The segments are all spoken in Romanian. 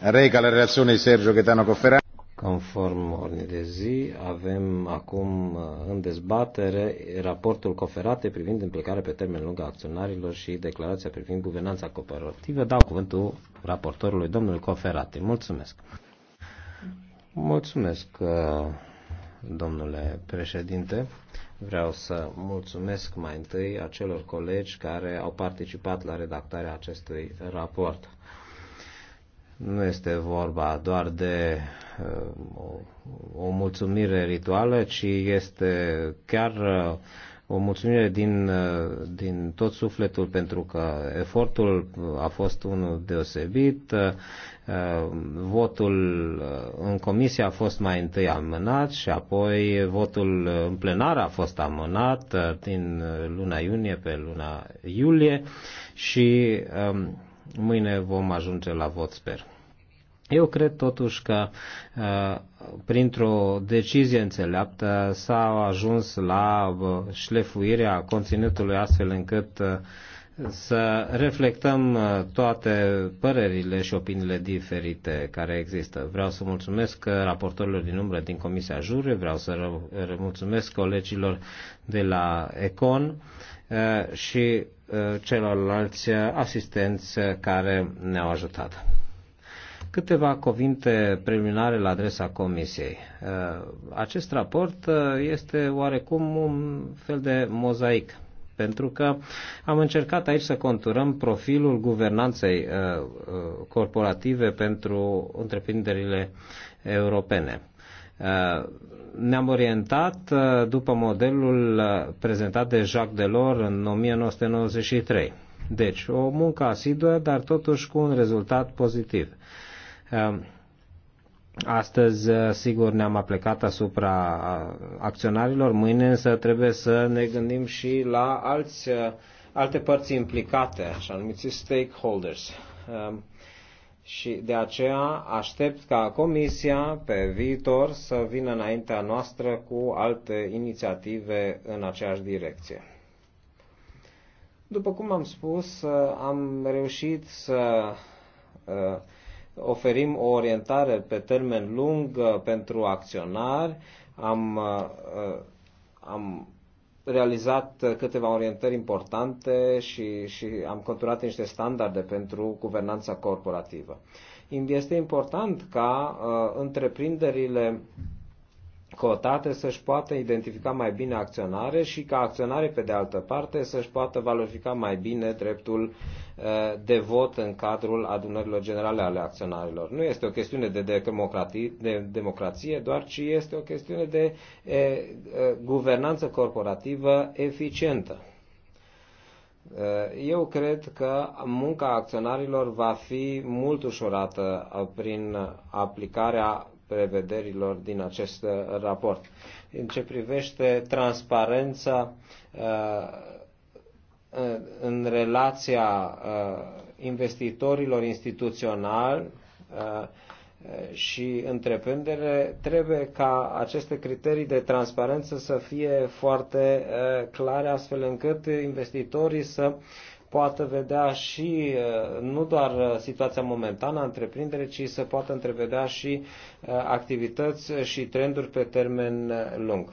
Reca la relazione Sergio Chetano Cofferati. Conform ordinii de zi, avem acum uh, în dezbatere raportul coferate privind implicarea pe termen lung a acționarilor și declarația privind guvernanța cooperativă. Dau cuvântul raportorului, domnului Coferate. Mulțumesc. Mulțumesc, uh, domnule președinte. Vreau să mulțumesc mai întâi acelor colegi care au participat la redactarea acestui raport nu este vorba doar de uh, o, o mulțumire rituală, ci este chiar uh, o mulțumire din, uh, din tot sufletul pentru că efortul a fost unul deosebit, votul în comisie a fost mai întâi amânat și apoi votul în plenar a fost amânat din luna iunie pe luna iulie și um, mâine vom ajunge la vot, sper. Eu cred totuși că uh, printr-o decizie înțeleaptă s-a ajuns la uh, șlefuirea conținutului astfel încât uh, să reflectăm toate părerile și opiniile diferite care există. Vreau să mulțumesc raportorilor din umbră din Comisia Jure, vreau să mulțumesc colegilor de la Econ și Uh, celorlalți asistenți care ne-au ajutat. Câteva cuvinte preliminare la adresa Comisiei. Uh, acest raport uh, este oarecum un fel de mozaic, pentru că am încercat aici să conturăm profilul guvernanței corporative pentru întreprinderile europene ne-am orientat uh, după modelul uh, prezentat de Jacques Delors în 1993. Deci, o muncă asiduă, dar totuși cu un rezultat pozitiv. Uh, astăzi, sigur, ne-am aplicat asupra acționarilor, mâine însă trebuie să ne gândim și la alți, alte părți implicate, așa numiți stakeholders și de aceea aștept ca Comisia pe viitor să vină înaintea noastră cu alte inițiative în aceeași direcție. După cum am spus, am reușit să uh, oferim o orientare pe termen lung uh, pentru acționari, am, uh, am realizat uh, câteva orientări importante și, și am conturat niște standarde pentru guvernanța corporativă. Este important ca uh, întreprinderile cotate să-și poată identifica mai bine acționare și ca acționare, pe de altă parte, să-și poată valorifica mai bine dreptul uh, de vot în cadrul adunărilor generale ale acționarilor. Nu este o chestiune de democrație, de democrație doar ci este o chestiune de e, guvernanță corporativă eficientă. Uh, eu cred că munca acționarilor va fi mult ușurată uh, prin aplicarea prevederilor din acest uh, raport. În ce privește transparența uh, uh, în relația investitorilor instituționali și întreprindere, trebuie ca aceste criterii de transparență să fie foarte clare, astfel încât investitorii să poată vedea și uh, nu doar uh, situația momentană a întreprinderii, ci să poată întrevedea și uh, activități și trenduri pe termen lung.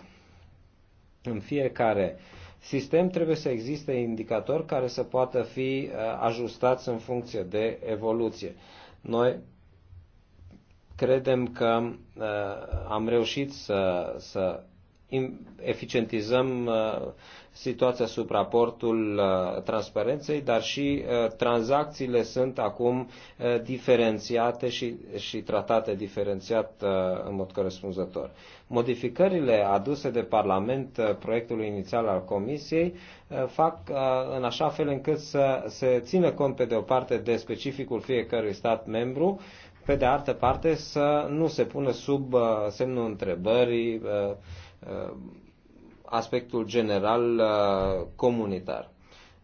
În fiecare sistem trebuie să existe indicatori care să poată fi ajustați în funcție de evoluție. Noi credem că am reușit să, să eficientizăm uh, situația sub raportul uh, transparenței, dar și uh, tranzacțiile sunt acum diferențiate și, și tratate diferențiat în mod corespunzător. Modificările aduse de Parlament proiectului inițial al Comisiei fac în așa fel încât să se țină cont pe de o parte de specificul fiecărui stat membru, pe de altă parte să nu se pună sub semnul întrebării Uh, aspectul general uh, comunitar.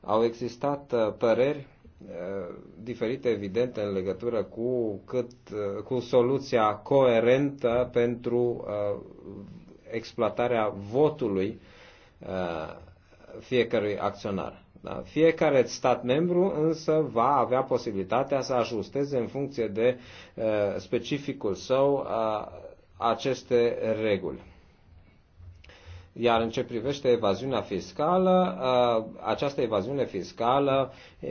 Au existat uh, păreri diferite, evident, în legătură cu, cât, cu soluția coerentă pentru exploatarea votului fiecărui acționar. Da? Fiecare stat membru însă va avea posibilitatea să ajusteze în funcție de uh, specificul său uh, aceste reguli. Iar în ce privește evaziunea fiscală, uh, această evaziune fiscală, uh,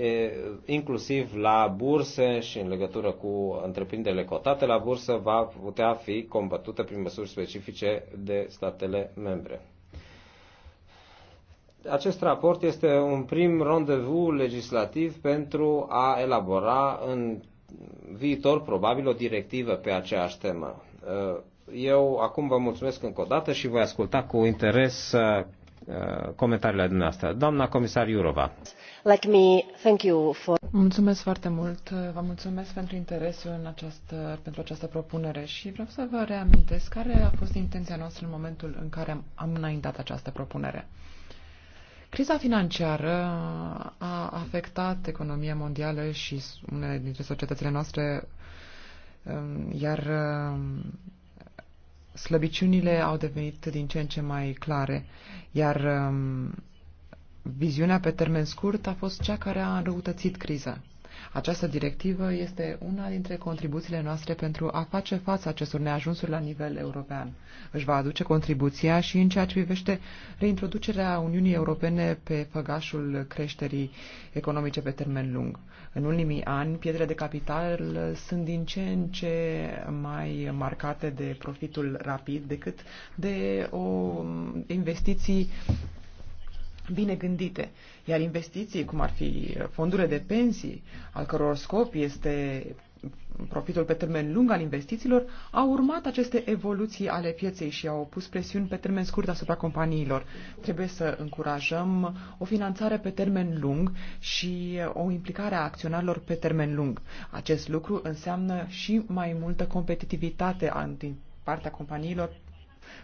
inclusiv la burse și în legătură cu întreprinderile cotate la bursă, va putea fi combătută prin măsuri specifice de statele membre. Acest raport este un prim rendezvous legislativ pentru a elabora în viitor probabil o directivă pe aceeași temă uh, eu acum vă mulțumesc încă o dată și voi asculta cu interes uh, uh, comentariile dumneavoastră. Doamna comisar Iurova. Let me thank you for... Mulțumesc foarte mult. Vă mulțumesc pentru interesul în această, pentru această propunere și vreau să vă reamintesc care a fost intenția noastră în momentul în care am, am înaintat această propunere. Criza financiară a afectat economia mondială și unele dintre societățile noastre, um, iar um, slăbiciunile au devenit din ce în ce mai clare, iar um, viziunea pe termen scurt a fost cea care a înrăutățit criza. Această directivă este una dintre contribuțiile noastre pentru a face față acestor neajunsuri la nivel european. Își va aduce contribuția și în ceea ce privește reintroducerea Uniunii Europene pe făgașul creșterii economice pe termen lung. În ultimii ani, pietrele de capital sunt din ce în ce mai marcate de profitul rapid decât de o investiții bine gândite, iar investiții, cum ar fi fondurile de pensii, al căror scop este profitul pe termen lung al investițiilor, au urmat aceste evoluții ale pieței și au pus presiuni pe termen scurt asupra companiilor. Trebuie să încurajăm o finanțare pe termen lung și o implicare a acționarilor pe termen lung. Acest lucru înseamnă și mai multă competitivitate din partea companiilor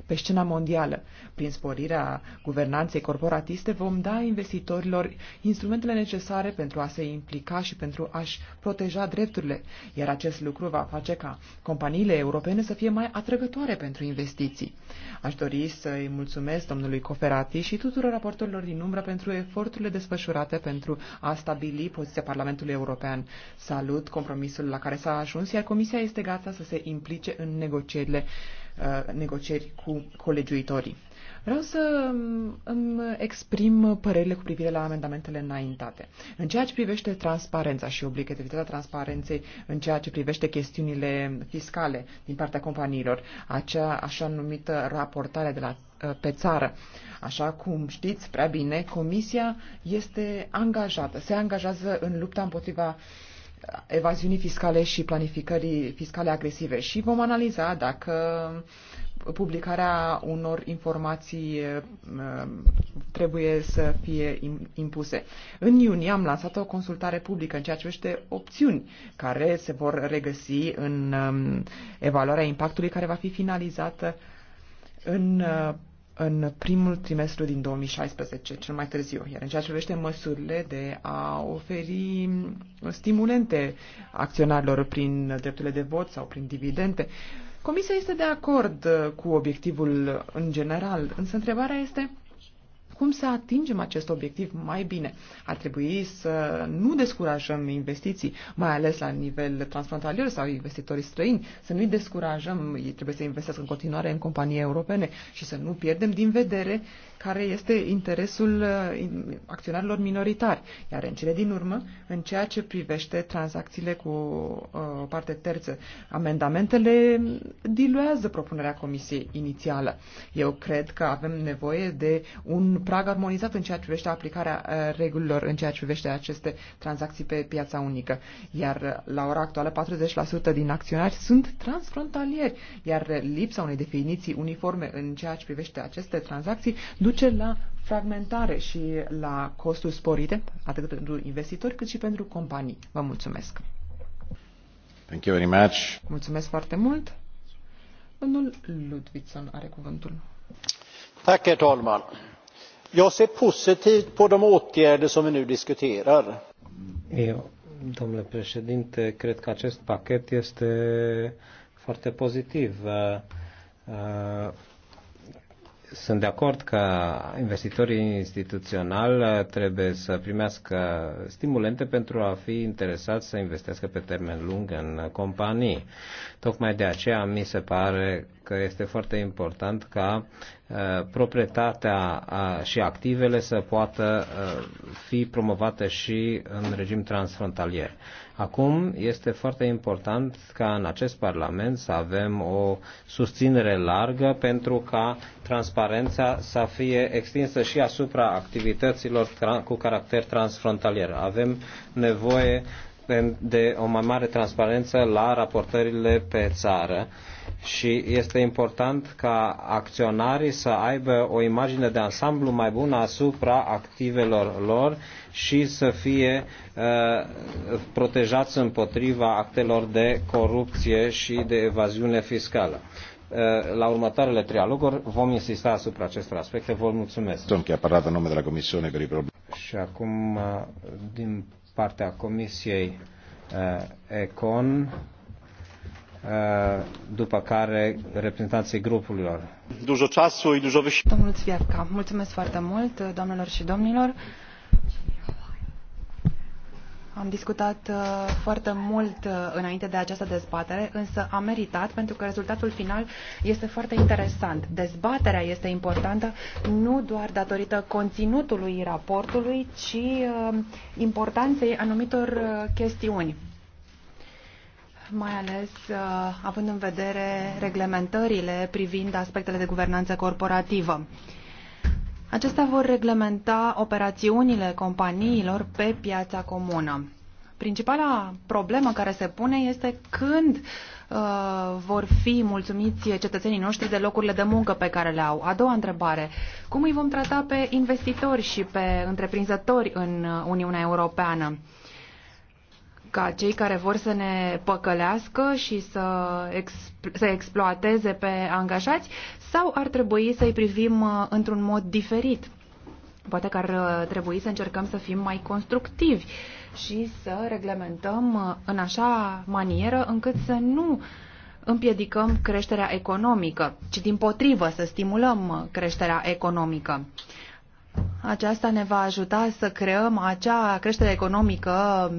pe scena mondială. Prin sporirea guvernanței corporatiste vom da investitorilor instrumentele necesare pentru a se implica și pentru a-și proteja drepturile, iar acest lucru va face ca companiile europene să fie mai atrăgătoare pentru investiții. Aș dori să-i mulțumesc domnului Coferati și tuturor raportorilor din umbră pentru eforturile desfășurate pentru a stabili poziția Parlamentului European. Salut compromisul la care s-a ajuns, iar Comisia este gata să se implice în negocierile Uh, negocieri cu colegiuitorii. Vreau să um, îmi exprim părerile cu privire la amendamentele înaintate. În ceea ce privește transparența și obligativitatea transparenței, în ceea ce privește chestiunile fiscale din partea companiilor, acea așa numită raportare de la uh, pe țară. Așa cum știți prea bine, Comisia este angajată, se angajează în lupta împotriva uh, evaziunii fiscale și planificării fiscale agresive și vom analiza dacă publicarea unor informații eh, trebuie să fie impuse. În iunie am lansat o consultare publică în ceea ce vește opțiuni care se vor regăsi în ehm, evaluarea impactului care va fi finalizată în eh, în primul trimestru din 2016, cel mai târziu, iar în ceea ce privește măsurile de a oferi stimulente acționarilor prin drepturile de vot sau prin dividende, Comisia este de acord cu obiectivul în general, însă întrebarea este cum să atingem acest obiectiv mai bine? Ar trebui să nu descurajăm investiții, mai ales la nivel transfrontalier sau investitorii străini, să nu-i descurajăm, ei trebuie să investească în continuare în companii europene și să nu pierdem din vedere care este interesul uh, acționarilor minoritari. Iar în cele din urmă, în ceea ce privește tranzacțiile cu uh, o parte terță, amendamentele diluează propunerea comisiei inițială. Eu cred că avem nevoie de un prag armonizat în ceea ce privește aplicarea uh, regulilor, în ceea ce privește aceste tranzacții pe piața unică. Iar la ora actuală, 40% din acționari sunt transfrontalieri, iar lipsa unei definiții uniforme în ceea ce privește aceste tranzacții duce duce la fragmentare și la costuri sporite, atât pentru investitori cât și pentru companii. Vă mulțumesc! Thank you very much. Mulțumesc foarte mult! Domnul Ludvigson are cuvântul. Tack, herr talman. Jag ser positivt på de åtgärder som vi nu diskuterar. Eu, domnule președinte, cred că acest pachet este foarte pozitiv. Uh, uh, sunt de acord că investitorii instituționali uh, trebuie să primească stimulente pentru a fi interesați să investească pe termen lung în companii. Tocmai de aceea mi se pare că este foarte important ca uh, proprietatea și activele să poată uh, fi promovate și în regim transfrontalier. Acum este foarte important ca în acest Parlament să avem o susținere largă pentru ca transparența să fie extinsă și asupra activităților cu caracter transfrontalier. Avem nevoie de o mai mare transparență la raportările pe țară și este important ca acționarii să aibă o imagine de ansamblu mai bună asupra activelor lor și să fie uh, protejați împotriva actelor de corupție și de evaziune fiscală. Uh, la următoarele trialoguri vom insista asupra acestor aspecte. Vă mulțumesc. Domnul a parlat în nume de la Comisiune per probleme. Și acum, uh, din partea Comisiei Econ, după care reprezentanții grupurilor. Dużo czasu i dużo Domnul Țviarca, mulțumesc foarte mult, doamnelor și domnilor. Am discutat uh, foarte mult uh, înainte de această dezbatere, însă a meritat pentru că rezultatul final este foarte interesant. Dezbaterea este importantă nu doar datorită conținutului raportului, ci uh, importanței anumitor chestiuni mai ales uh, având în vedere reglementările privind aspectele de guvernanță corporativă. Uh, Acestea vor reglementa operațiunile companiilor pe piața comună. Principala problemă care se pune este când uh, vor fi mulțumiți cetățenii noștri de locurile de muncă pe care le au. A doua întrebare, cum îi vom trata pe investitori și pe întreprinzători în Uniunea Europeană? ca cei care vor să ne păcălească și să, exp- să exploateze pe angajați sau ar trebui să-i privim uh, într-un mod diferit? Poate că ar uh, trebui să încercăm să fim mai constructivi și să reglementăm uh, în așa manieră încât să nu împiedicăm creșterea economică, ci din potrivă să stimulăm creșterea economică. Aceasta ne va ajuta să creăm acea creștere economică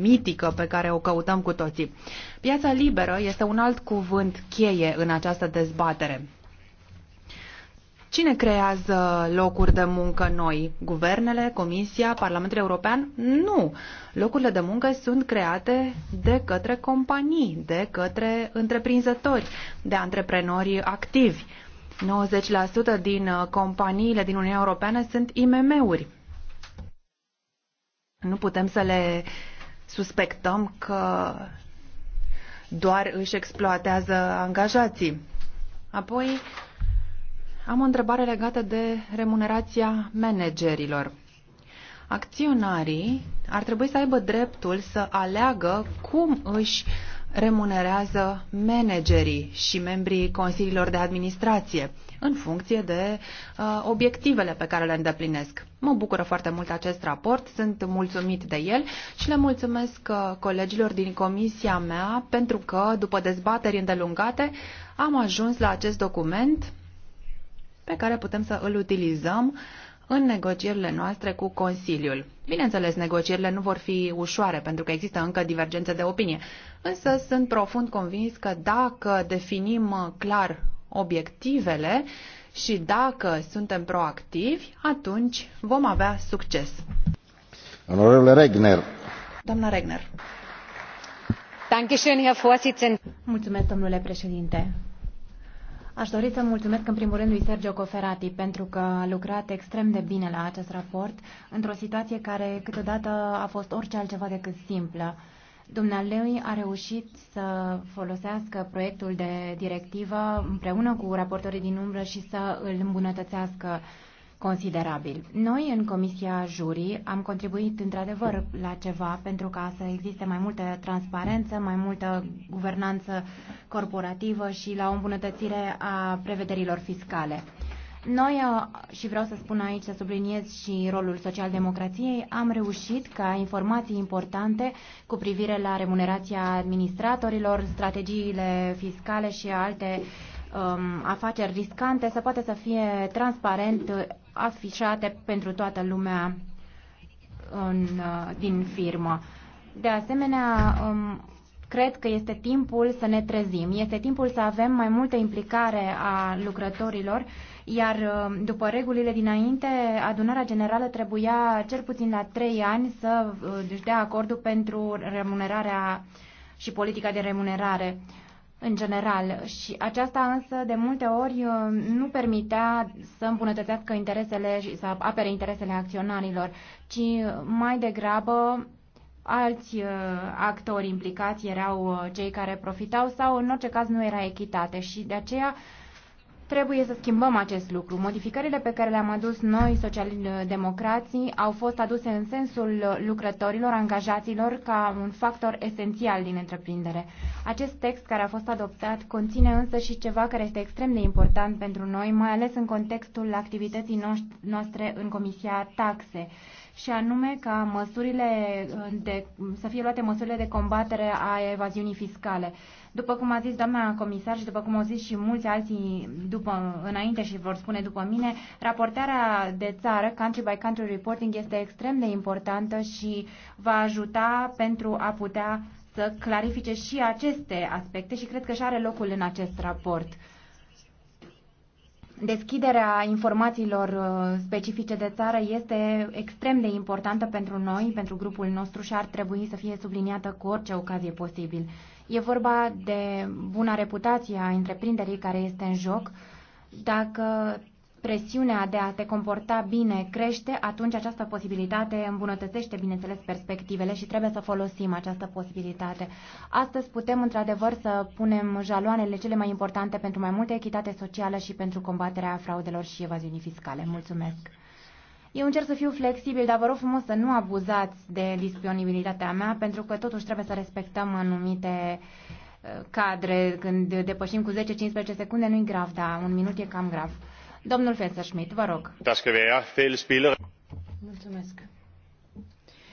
mitică pe care o căutăm cu toții. Piața liberă este un alt cuvânt cheie în această dezbatere. Cine creează locuri de muncă noi? Guvernele, Comisia, Parlamentul European? Nu! Locurile de muncă sunt create de către companii, de către întreprinzători, de antreprenori activi. 90% din uh, companiile din Uniunea Europeană sunt IMM-uri. Nu putem să le suspectăm că doar își exploatează angajații. Apoi, am o întrebare legată de remunerația managerilor. Acționarii ar trebui să aibă dreptul să aleagă cum își uh, remunerează managerii și membrii consiliilor de administrație în funcție de uh, obiectivele pe care le îndeplinesc. Mă bucură foarte mult acest raport, sunt mulțumit de el și le mulțumesc uh, colegilor din comisia mea pentru că, după dezbateri îndelungate, am ajuns la acest document pe care putem să îl utilizăm uh, în negocierile noastre cu Consiliul. Bineînțeles, negocierile nu vor fi ușoare, pentru că există încă divergențe de opinie, însă sunt profund convins că dacă definim clar obiectivele și dacă suntem proactivi, atunci vom avea succes. Onorevole Regner. Doamna Regner. Mulțumesc, domnule președinte Aș dori să mulțumesc în primul rând lui Sergio Coferati pentru că a lucrat extrem de bine la acest raport într-o situație care câteodată a fost orice altceva decât simplă. Dumnealui a reușit să folosească proiectul de directivă împreună cu raportorii din umbră și să îl îmbunătățească considerabil. Noi, în Comisia Jurii, am contribuit într-adevăr la ceva pentru ca să existe mai multă transparență, mai multă guvernanță corporativă și la o îmbunătățire a prevederilor fiscale. Noi, uh, și vreau să spun aici, să subliniez și rolul socialdemocrației, am reușit ca informații importante cu privire la remunerația administratorilor, strategiile fiscale și alte um, afaceri riscante să poată să fie transparent afișate pentru toată lumea în, uh, din firmă. De asemenea, um, cred că este timpul să ne trezim. Este timpul să avem mai multă implicare a lucrătorilor, iar um, după regulile dinainte, adunarea generală trebuia cel puțin la trei ani să uh, își dea acordul pentru remunerarea și politica de remunerare în general și aceasta însă de multe ori uh, nu permitea să îmbunătățească interesele și să apere interesele acționarilor, ci mai degrabă alți uh, actori implicați erau uh, cei care profitau sau în orice caz nu era echitate și de aceea Trebuie să schimbăm acest lucru. Modificările pe care le-am adus noi, socialdemocrații, au fost aduse în sensul lucrătorilor, angajaților, ca un factor esențial din întreprindere. Acest text care a fost adoptat conține însă și ceva care este extrem de important pentru noi, mai ales în contextul activității noastre în Comisia Taxe și anume ca măsurile uh, de, să fie luate măsurile de combatere a evaziunii fiscale. După cum a zis doamna comisar și după cum au zis și mulți alții după, înainte și vor spune după mine, raportarea de țară, country by country reporting, este extrem de importantă și va ajuta pentru a putea să clarifice și aceste aspecte și cred că și are locul în acest raport. Deschiderea informațiilor uh, specifice de țară este extrem de importantă pentru noi, pentru grupul nostru și ar trebui să fie subliniată cu orice ocazie posibil. E vorba de buna reputație a întreprinderii care este în joc. Dacă presiunea de a te comporta bine crește, atunci această posibilitate îmbunătățește, bineînțeles, perspectivele și trebuie să folosim această posibilitate. Astăzi putem, într-adevăr, să punem jaloanele cele mai importante pentru mai multă echitate socială și pentru combaterea fraudelor și evaziunii fiscale. Mulțumesc! Eu încerc să fiu flexibil, dar vă rog frumos să nu abuzați de disponibilitatea mea, pentru că totuși trebuie să respectăm anumite uh, cadre. Când depășim cu 10-15 secunde nu-i grav, dar un minut e cam grav. Domnul Messerschmidt, vă rog. Mulțumesc.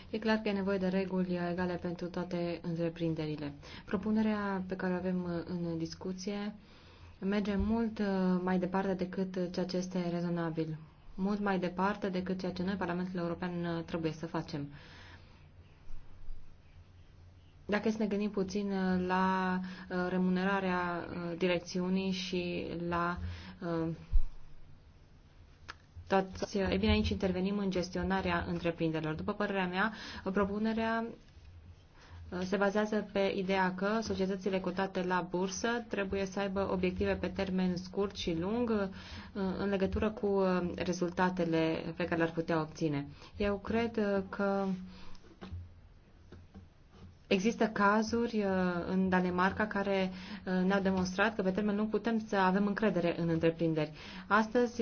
E clar că e nevoie de reguli egale pentru toate întreprinderile. Propunerea pe care o avem în discuție merge mult uh, mai departe decât ceea ce este rezonabil, mult mai departe decât ceea ce noi, Parlamentul European, uh, trebuie să facem. Dacă să ne gândim puțin uh, la remunerarea direcțiunii și la toți, e bine, aici intervenim în gestionarea întreprinderilor. După părerea mea, propunerea uh, se bazează pe ideea că societățile cotate la bursă trebuie să aibă obiective pe termen scurt și lung uh, în legătură cu uh, rezultatele pe care le-ar putea obține. Eu cred că Există cazuri în Danemarca care ne-au demonstrat că pe termen lung putem să avem încredere în întreprinderi. Astăzi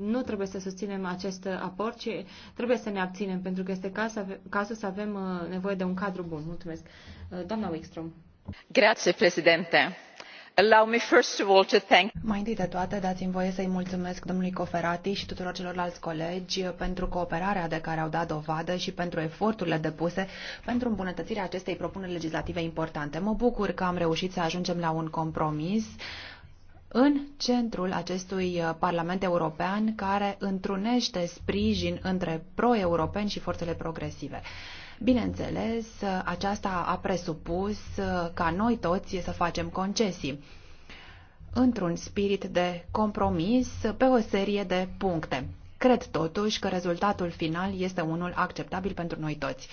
nu trebuie să susținem acest aport, ci trebuie să ne abținem, pentru că este cazul să avem uh, nevoie de un cadru bun. Mulțumesc. Uh, doamna Wickstrom. Grazie, președinte. Allow me first of all to thank... Mai întâi de toate, dați-mi voie să-i mulțumesc domnului Coferati și tuturor celorlalți colegi pentru cooperarea de care au dat dovadă și pentru eforturile depuse pentru îmbunătățirea acestei propuneri legislative importante. Mă bucur că am reușit să ajungem la un compromis uh, în centrul acestui uh, Parlament European care întrunește sprijin între pro-europeni și forțele progresive. Bineînțeles, uh, aceasta a presupus uh, ca noi toți să facem concesii într-un spirit de compromis pe o serie de puncte. Cred totuși că rezultatul final este unul acceptabil pentru noi toți.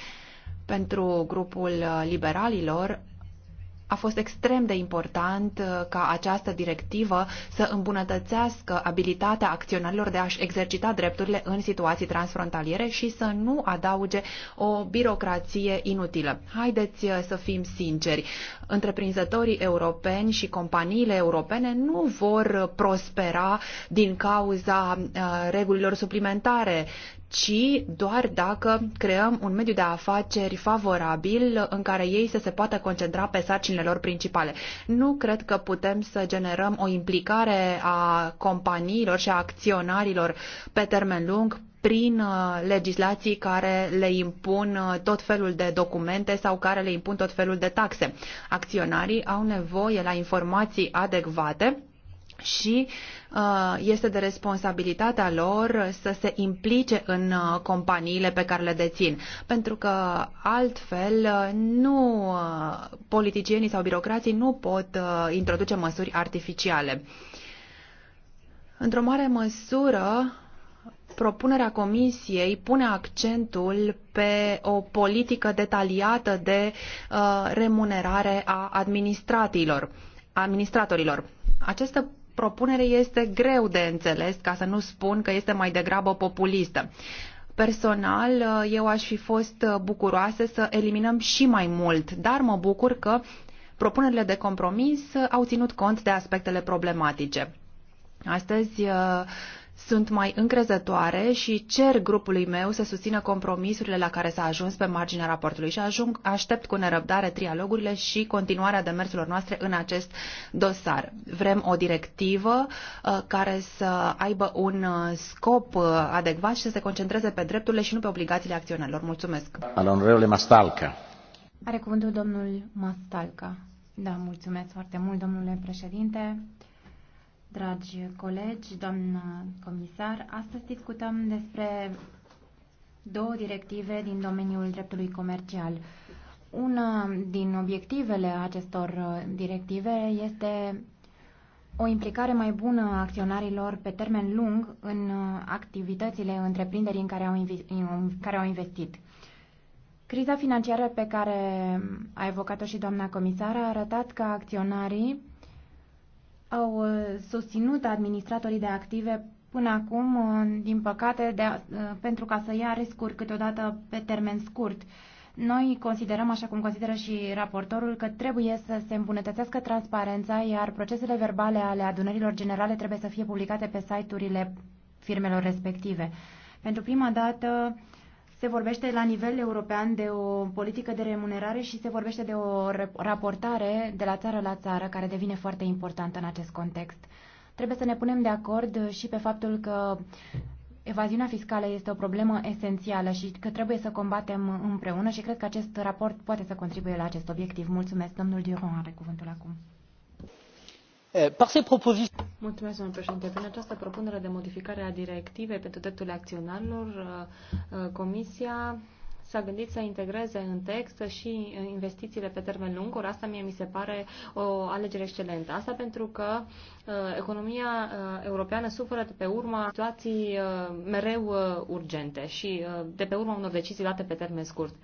Pentru grupul liberalilor, a fost extrem de important uh, ca această directivă să îmbunătățească abilitatea acționarilor de a-și exercita drepturile în situații transfrontaliere și să nu adauge o birocrație inutilă. Haideți uh, să fim sinceri. Întreprinzătorii europeni și companiile europene nu vor prospera din cauza uh, regulilor suplimentare ci doar dacă creăm un mediu de afaceri favorabil în care ei să se poată concentra pe sarcinile lor principale. Nu cred că putem să generăm o implicare a companiilor și a acționarilor pe termen lung prin uh, legislații care le impun uh, tot felul de documente sau care le impun tot felul de taxe. Acționarii au nevoie la informații adecvate și uh, Uh, este de responsabilitatea lor să se implice în uh, companiile pe care le dețin, pentru că altfel uh, nu politicienii sau birocrații nu pot introduce măsuri artificiale. Într-o mare măsură, propunerea Comisiei pune accentul pe o politică detaliată de remunerare a administratorilor. Această propunere este greu de înțeles, ca să nu spun că este mai degrabă populistă. Personal, eu aș fi fost bucuroasă să eliminăm și mai mult, dar mă bucur că propunerile de compromis au ținut cont de aspectele problematice. Astăzi sunt mai încrezătoare și cer grupului meu să susțină compromisurile la care s-a ajuns pe marginea raportului și ajung, aștept cu nerăbdare trialogurile și continuarea demersurilor noastre în acest dosar. Vrem o directivă uh, care să aibă un uh, scop uh, adecvat și să se concentreze pe drepturile și nu pe obligațiile acționarilor. Mulțumesc. Alonreule Mastalca. Are cuvântul domnul Mastalca. Da, mulțumesc foarte mult, domnule președinte. Dragi colegi, doamnă comisar, astăzi discutăm despre două directive din domeniul dreptului comercial. Una din obiectivele acestor uh, directive este o implicare mai bună a acționarilor pe termen lung în uh, activitățile întreprinderii în care au, în care au investit. Criza financiară pe care a evocat-o și doamna comisar a arătat că acționarii au uh, susținut administratorii de active până acum, uh, din păcate, de a, uh, pentru ca să ia riscuri câteodată pe termen scurt. Noi considerăm, așa cum consideră și raportorul, că trebuie să se îmbunătățească transparența, iar procesele verbale ale adunărilor generale trebuie să fie publicate pe site-urile firmelor respective. Pentru prima dată, se vorbește la nivel european de o politică de remunerare și se vorbește de o raportare de la țară la țară, care devine foarte importantă în acest context. Trebuie să ne punem de acord și pe faptul că evaziunea fiscală este o problemă esențială și că trebuie să combatem împreună și cred că acest raport poate să contribuie la acest obiectiv. Mulțumesc, domnul Duron are cuvântul acum. Eh, par ces propositions... Mulțumesc, domnule președinte. Prin această propunere de modificare a directivei pentru drepturile acționarilor, eh, eh, Comisia s-a gândit să integreze în text și investițiile pe termen lung, ori asta mie mi se pare o alegere excelentă. Asta pentru că uh, economia uh, europeană suferă de pe urma situații uh, mereu urgente și de pe urma unor decizii luate pe termen scurt.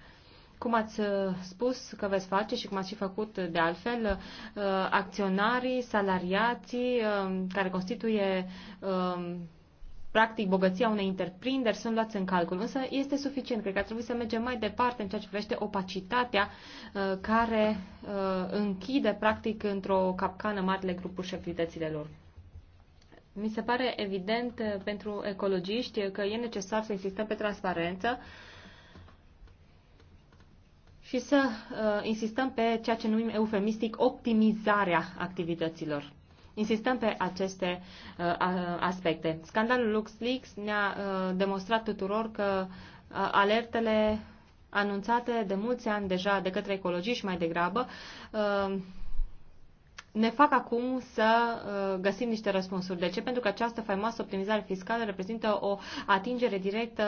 Cum ați uh, spus că veți face și cum ați și făcut de altfel, uh, acționarii, salariații um, care constituie um, practic bogăția unei întreprinderi sunt luați în calcul. Însă este suficient. Cred că ar trebui să mergem mai departe în ceea ce privește opacitatea uh, care închide practic într-o capcană marile grupuri și activitățile lor. Mi se pare evident pentru ecologiști că e necesar să insistăm pe transparență, uh, și să uh, insistăm pe ceea ce numim eufemistic optimizarea activităților. Insistăm pe aceste uh, aspecte. Scandalul LuxLeaks ne-a uh, demonstrat tuturor că uh, alertele anunțate de mulți ani deja de către ecologiști mai degrabă uh, ne fac acum să uh, găsim niște răspunsuri. De ce? Pentru că această faimoasă optimizare fiscală reprezintă o atingere directă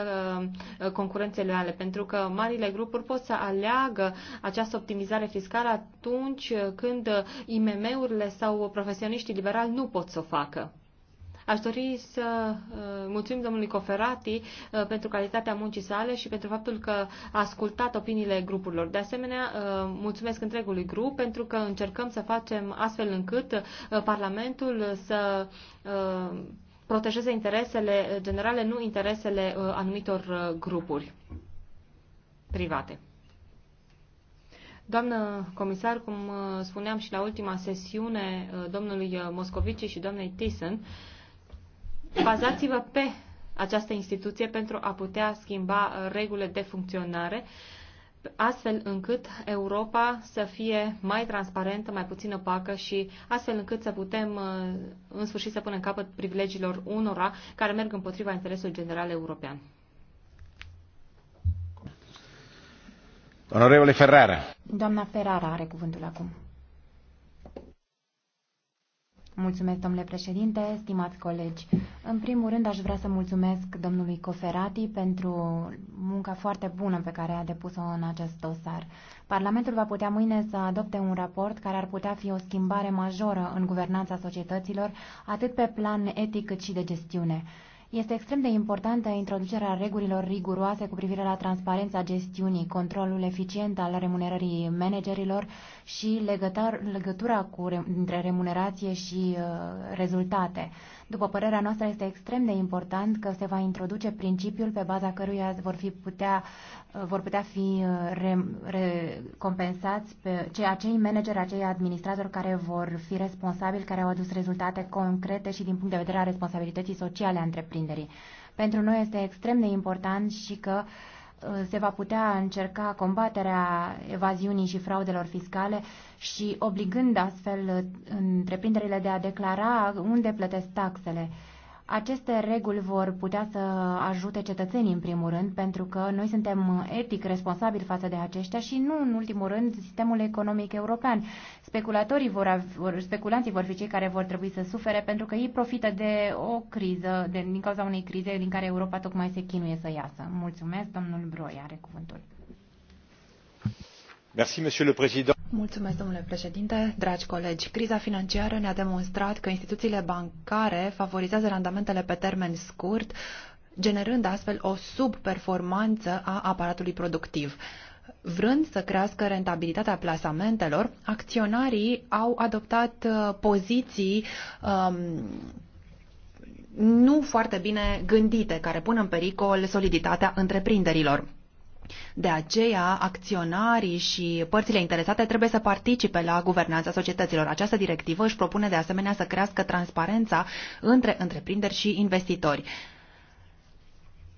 uh, concurenței loiale, pentru că marile grupuri pot să aleagă această optimizare fiscală atunci când IMM-urile sau profesioniștii liberali nu pot să o facă. Aș dori să uh, mulțumim domnului Coferati uh, pentru calitatea muncii sale și pentru faptul că a ascultat opiniile grupurilor. De asemenea, uh, mulțumesc întregului grup pentru că încercăm să facem astfel încât Parlamentul să protejeze interesele generale, nu interesele anumitor grupuri private. Doamnă comisar, cum spuneam și la ultima sesiune domnului Moscovici și doamnei Thyssen, Bazați-vă pe această instituție pentru a putea schimba uh, regulile de funcționare, astfel încât Europa să fie mai transparentă, mai puțin opacă și astfel încât să putem uh, în sfârșit să punem capăt privilegiilor unora care merg împotriva interesului general european. Onorevole Ferrara. Doamna Ferrara are cuvântul acum. Mulțumesc, domnule președinte, stimați colegi. În primul rând, aș vrea să mulțumesc domnului Coferati pentru munca foarte bună pe care a depus-o în acest dosar. Parlamentul va putea mâine să adopte un raport care ar putea fi o schimbare majoră în guvernanța societăților, atât pe plan etic cât și de gestiune. Este extrem de importantă introducerea regulilor riguroase cu privire la transparența gestiunii, controlul eficient al remunerării managerilor și legătura cu, între remunerație și uh, rezultate. După părerea noastră, este extrem de important că se va introduce principiul pe baza căruia vor, fi putea, uh, vor putea fi uh, recompensați pe cei, acei manageri, acei administratori care vor fi responsabili, care au adus rezultate concrete și din punct de vedere a responsabilității sociale a întreprinderii. Pentru noi este extrem de important și că uh, se va putea încerca combaterea evaziunii și fraudelor fiscale și obligând astfel întreprinderile de a declara unde plătesc taxele. Aceste reguli vor putea să ajute cetățenii, în primul rând, pentru că noi suntem etic responsabili față de aceștia și nu, în ultimul rând, sistemul economic european. Speculatorii vor, vor, speculanții vor fi cei care vor trebui să sufere pentru că ei profită de o criză, de, din cauza unei crize din care Europa tocmai se chinuie să iasă. Mulțumesc, domnul Broi are cuvântul. Mulțumesc, domnule președinte dragi colegi criza financiară ne a demonstrat că instituțiile bancare favorizează randamentele pe termen scurt generând astfel o subperformanță a aparatului productiv. Vrând să crească rentabilitatea plasamentelor, acționarii au adoptat uh, poziții um, nu foarte bine gândite, care pun în pericol soliditatea întreprinderilor de aceea, acționarii și părțile interesate trebuie să participe la guvernanța societăților. Această directivă își propune de asemenea să crească transparența între întreprinderi și investitori.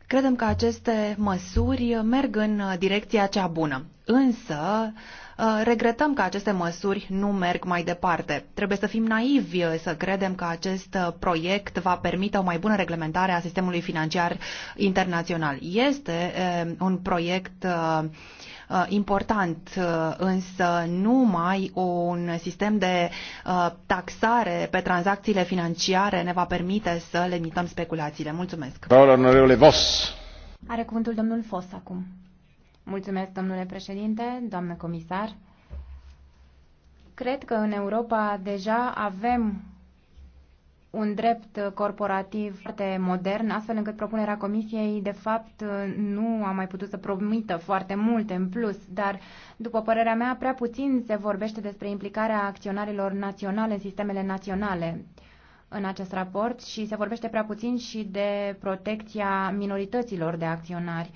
Credem că aceste măsuri merg în direcția cea bună, însă Uh, regretăm că aceste măsuri nu merg mai departe. Trebuie să fim naivi uh, să credem că acest uh, proiect va permite o mai bună reglementare a sistemului financiar internațional. Este un proiect important, însă numai un sistem de taxare pe tranzacțiile financiare ne va permite să limităm speculațiile. Mulțumesc. Paola, onorevole Are cuvântul domnul Fos acum. Mulțumesc, domnule președinte, doamnă comisar. Cred că în Europa deja avem un drept corporativ foarte modern, astfel încât propunerea Comisiei, de fapt, nu a mai putut să promită foarte multe în plus, dar, după părerea mea, prea puțin se vorbește despre implicarea acționarilor naționale în sistemele naționale în acest raport și se vorbește prea puțin și de protecția minorităților de acționari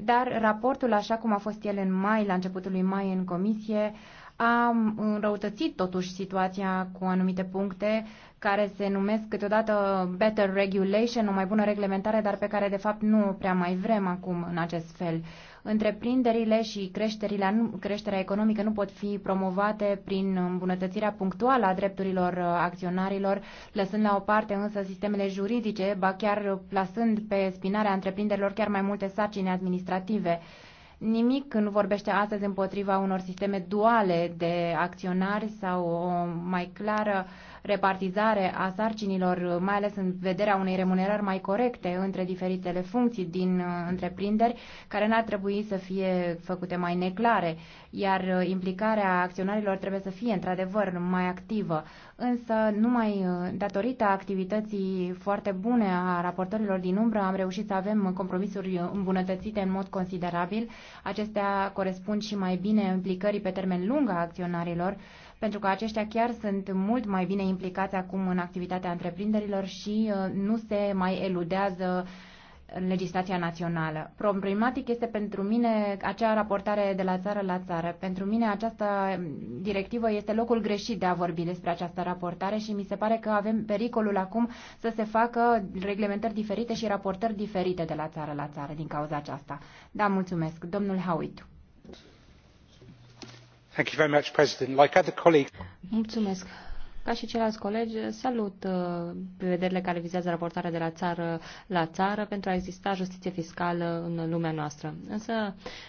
dar raportul, așa cum a fost el în mai, la începutul lui mai în comisie, a înrăutățit totuși situația cu anumite puncte, care se numesc câteodată better regulation, o mai bună reglementare, dar pe care de fapt nu prea mai vrem acum în acest fel. Întreprinderile și creșterile, creșterea economică nu pot fi promovate prin îmbunătățirea punctuală a drepturilor uh, acționarilor, lăsând la o parte însă sistemele juridice, ba chiar plasând pe spinarea întreprinderilor chiar mai multe sarcini administrative. Nimic nu vorbește astăzi împotriva unor sisteme duale de acționari sau o mai clară uh, repartizare a sarcinilor, mai ales în vederea unei remunerări mai corecte între diferitele funcții din uh, întreprinderi, care n-ar trebui să fie făcute mai neclare, iar uh, implicarea acționarilor trebuie să fie într-adevăr mai activă. Însă, numai uh, datorită activității foarte bune a raportorilor din umbră, am reușit să avem compromisuri îmbunătățite în mod considerabil. Acestea corespund și mai bine implicării pe termen lung a acționarilor, pentru că aceștia chiar sunt mult mai bine implicați acum în activitatea întreprinderilor și uh, nu se mai eludează legislația națională. Problematic este pentru mine acea raportare de la țară la țară. Pentru mine această directivă este locul greșit de a vorbi despre această raportare și mi se pare că avem pericolul acum să se facă reglementări diferite și raportări diferite de la țară la țară din cauza aceasta. Da, mulțumesc. Domnul Hauitu. Mulțumesc, Ca și ceilalți colegi, salut uh, prevederile care vizează raportarea de la țară la țară pentru a exista justiție fiscală în lumea noastră. Însă,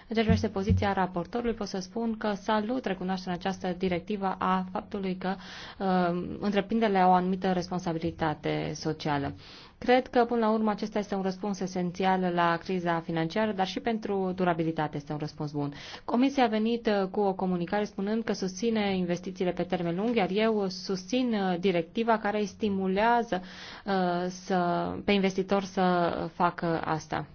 în ce privește poziția raportorului, pot să spun că salut recunoașterea în această directivă a faptului că uh, întreprinderile au o anumită responsabilitate socială. Cred că, până la urmă, acesta este un răspuns esențial la criza financiară, dar și pentru durabilitate este un răspuns bun. Comisia a venit uh, cu o comunicare spunând că susține investițiile pe termen lung, iar eu susțin uh, directiva care îi stimulează uh, să, pe investitor să facă asta.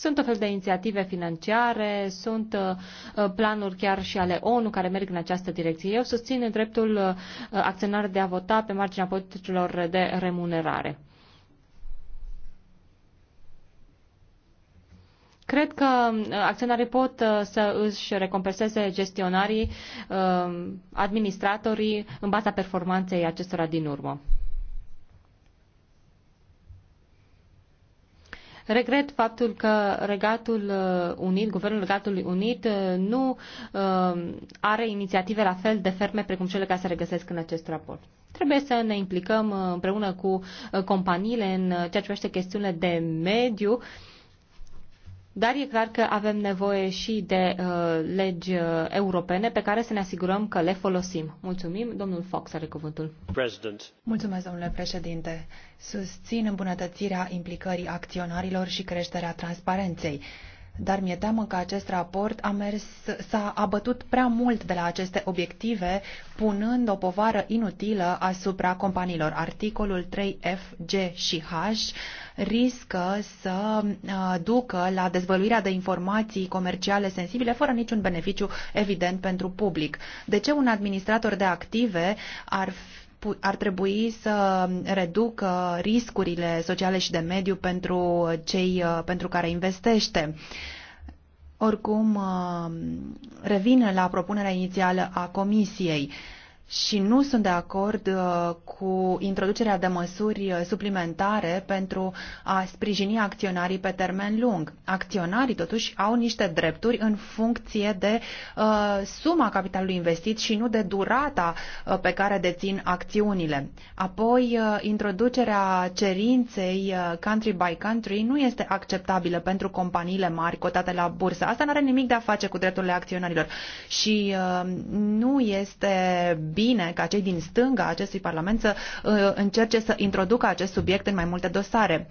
Sunt o fel de inițiative financiare, sunt uh, planuri chiar și ale ONU care merg în această direcție. Eu susțin dreptul uh, acționar de a vota pe marginea politicilor de remunerare. Cred că uh, acționarii pot să își recompenseze gestionarii, administratorii în baza performanței acestora din urmă. Regret faptul că Regatul uh, Unit, Guvernul Regatului Unit, uh, nu uh, are inițiative la fel de ferme precum cele care se regăsesc în acest raport. Trebuie să ne implicăm împreună cu companiile în ceea ce privește chestiunile de mediu, dar e clar că avem nevoie și de uh, legi uh, europene pe care să ne asigurăm că le folosim. Mulțumim. Domnul Fox are cuvântul. President. Mulțumesc, domnule președinte. Susțin îmbunătățirea implicării acționarilor și creșterea transparenței dar mi-e teamă că acest raport a mers, s-a abătut prea mult de la aceste obiective, punând o povară inutilă asupra companiilor. Articolul 3F, G și H riscă să uh, ducă la dezvăluirea de informații comerciale sensibile fără niciun beneficiu evident pentru public. De ce un administrator de active ar ar trebui să reducă riscurile sociale și de mediu pentru cei uh, pentru care investește. Oricum, uh, revin la propunerea inițială a Comisiei și nu sunt de acord uh, cu introducerea de măsuri uh, suplimentare pentru a sprijini acționarii pe termen lung. Acționarii, totuși, au niște drepturi în funcție de uh, suma capitalului investit și nu de durata uh, pe care dețin acțiunile. Apoi, uh, introducerea cerinței uh, country by country nu este acceptabilă pentru companiile mari cotate la bursă. Asta nu are nimic de a face cu drepturile acționarilor și nu este bine ca cei din stânga acestui Parlament să uh, încerce să introducă acest subiect în mai multe dosare.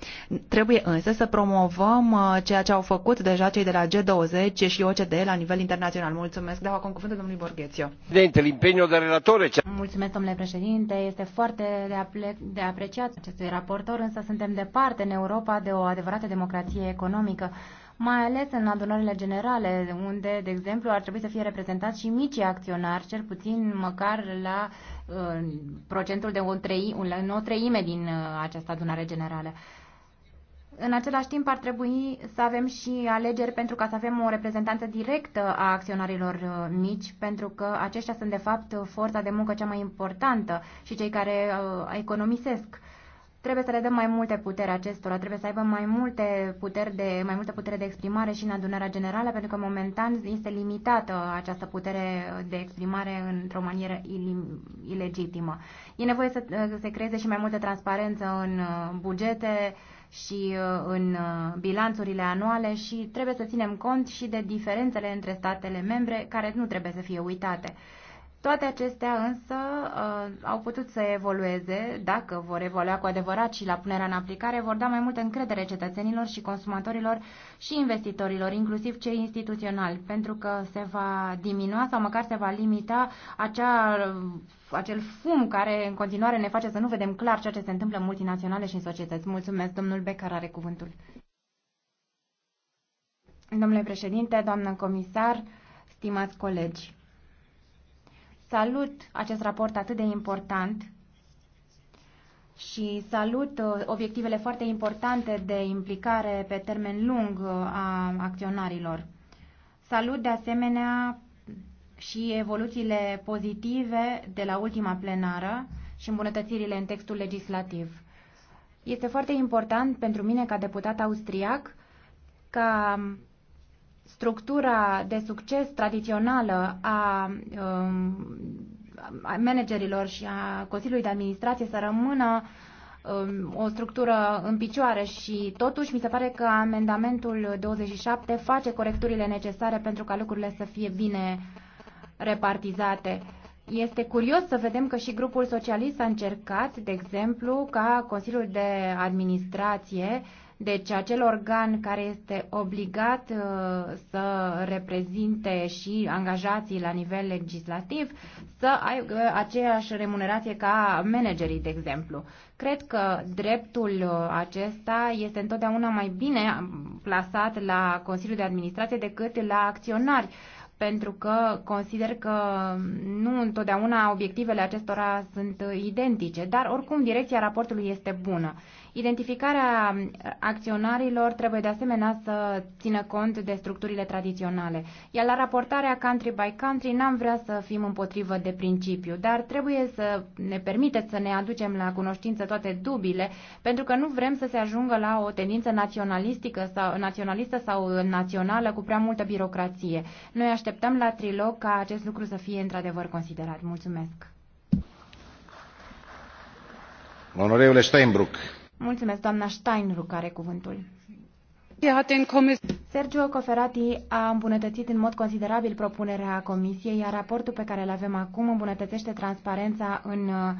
Trebuie însă să promovăm uh, ceea ce au făcut deja cei de la G20 și OCDE la nivel internațional. Mulțumesc. Dau acum cuvântul domnului Borghețiu. Mulțumesc, domnule președinte. Este foarte de apreciat acestui raportor, însă suntem departe în Europa de o adevărată democrație economică mai ales în adunările generale, unde, de exemplu, ar trebui să fie reprezentați și micii acționari, cel puțin măcar la uh, procentul de o, trei, un, o treime din uh, această adunare generală. În același timp ar trebui să avem și alegeri pentru ca să avem o reprezentanță directă a acționarilor uh, mici, pentru că aceștia sunt de fapt forța de muncă cea mai importantă și cei care uh, economisesc. Trebuie să le dăm mai multe putere acestora, trebuie să aibă mai multe puteri de, mai multă putere de exprimare și în adunarea generală, pentru că momentan este limitată această putere de exprimare într-o manieră ilegitimă. E nevoie să se creeze și mai multă transparență în uh, bugete, și uh, în uh, bilanțurile anuale și trebuie să ținem cont și de diferențele între statele membre care nu trebuie să fie uitate. Toate acestea însă uh, au putut să evolueze, dacă vor evolua cu adevărat și la punerea în aplicare, vor da mai multă încredere cetățenilor și consumatorilor și investitorilor, inclusiv cei instituționali, pentru că se va diminua sau măcar se va limita acea, acel fum care în continuare ne face să nu vedem clar ceea ce se întâmplă în multinaționale și în societăți. Mulțumesc, domnul Becker are cuvântul. Domnule președinte, doamnă comisar, stimați colegi, Salut acest raport atât de important și salut uh, obiectivele foarte importante de implicare pe termen lung uh, a acționarilor. Salut de asemenea și evoluțiile pozitive de la ultima plenară și îmbunătățirile în textul legislativ. Este foarte important pentru mine ca deputat austriac ca structura de succes tradițională a, um, a managerilor și a Consiliului de Administrație să rămână um, o structură în picioare și totuși mi se pare că amendamentul 27 face corecturile necesare pentru ca lucrurile să fie bine repartizate. Este curios să vedem că și grupul socialist a încercat, de exemplu, ca Consiliul de Administrație deci acel organ care este obligat uh, să reprezinte și angajații la nivel legislativ să aibă uh, aceeași remunerație ca managerii, de exemplu. Cred că dreptul uh, acesta este întotdeauna mai bine plasat la Consiliul de Administrație decât la acționari pentru că consider că nu întotdeauna obiectivele acestora sunt identice, dar oricum direcția raportului este bună. Identificarea acționarilor trebuie de asemenea să țină cont de structurile tradiționale. Iar la raportarea country by country n-am vrea să fim împotrivă de principiu, dar trebuie să ne permiteți să ne aducem la cunoștință toate dubile, pentru că nu vrem să se ajungă la o tendință naționalistică sau naționalistă sau națională cu prea multă birocrație. Noi așteptăm la trilog ca acest lucru să fie într-adevăr considerat. Mulțumesc. Onorevole Steinbrück. Mulțumesc, doamna Steinruck are cuvântul. Sergio Coferati a îmbunătățit în mod considerabil propunerea Comisiei, iar raportul pe care îl avem acum îmbunătățește transparența în uh,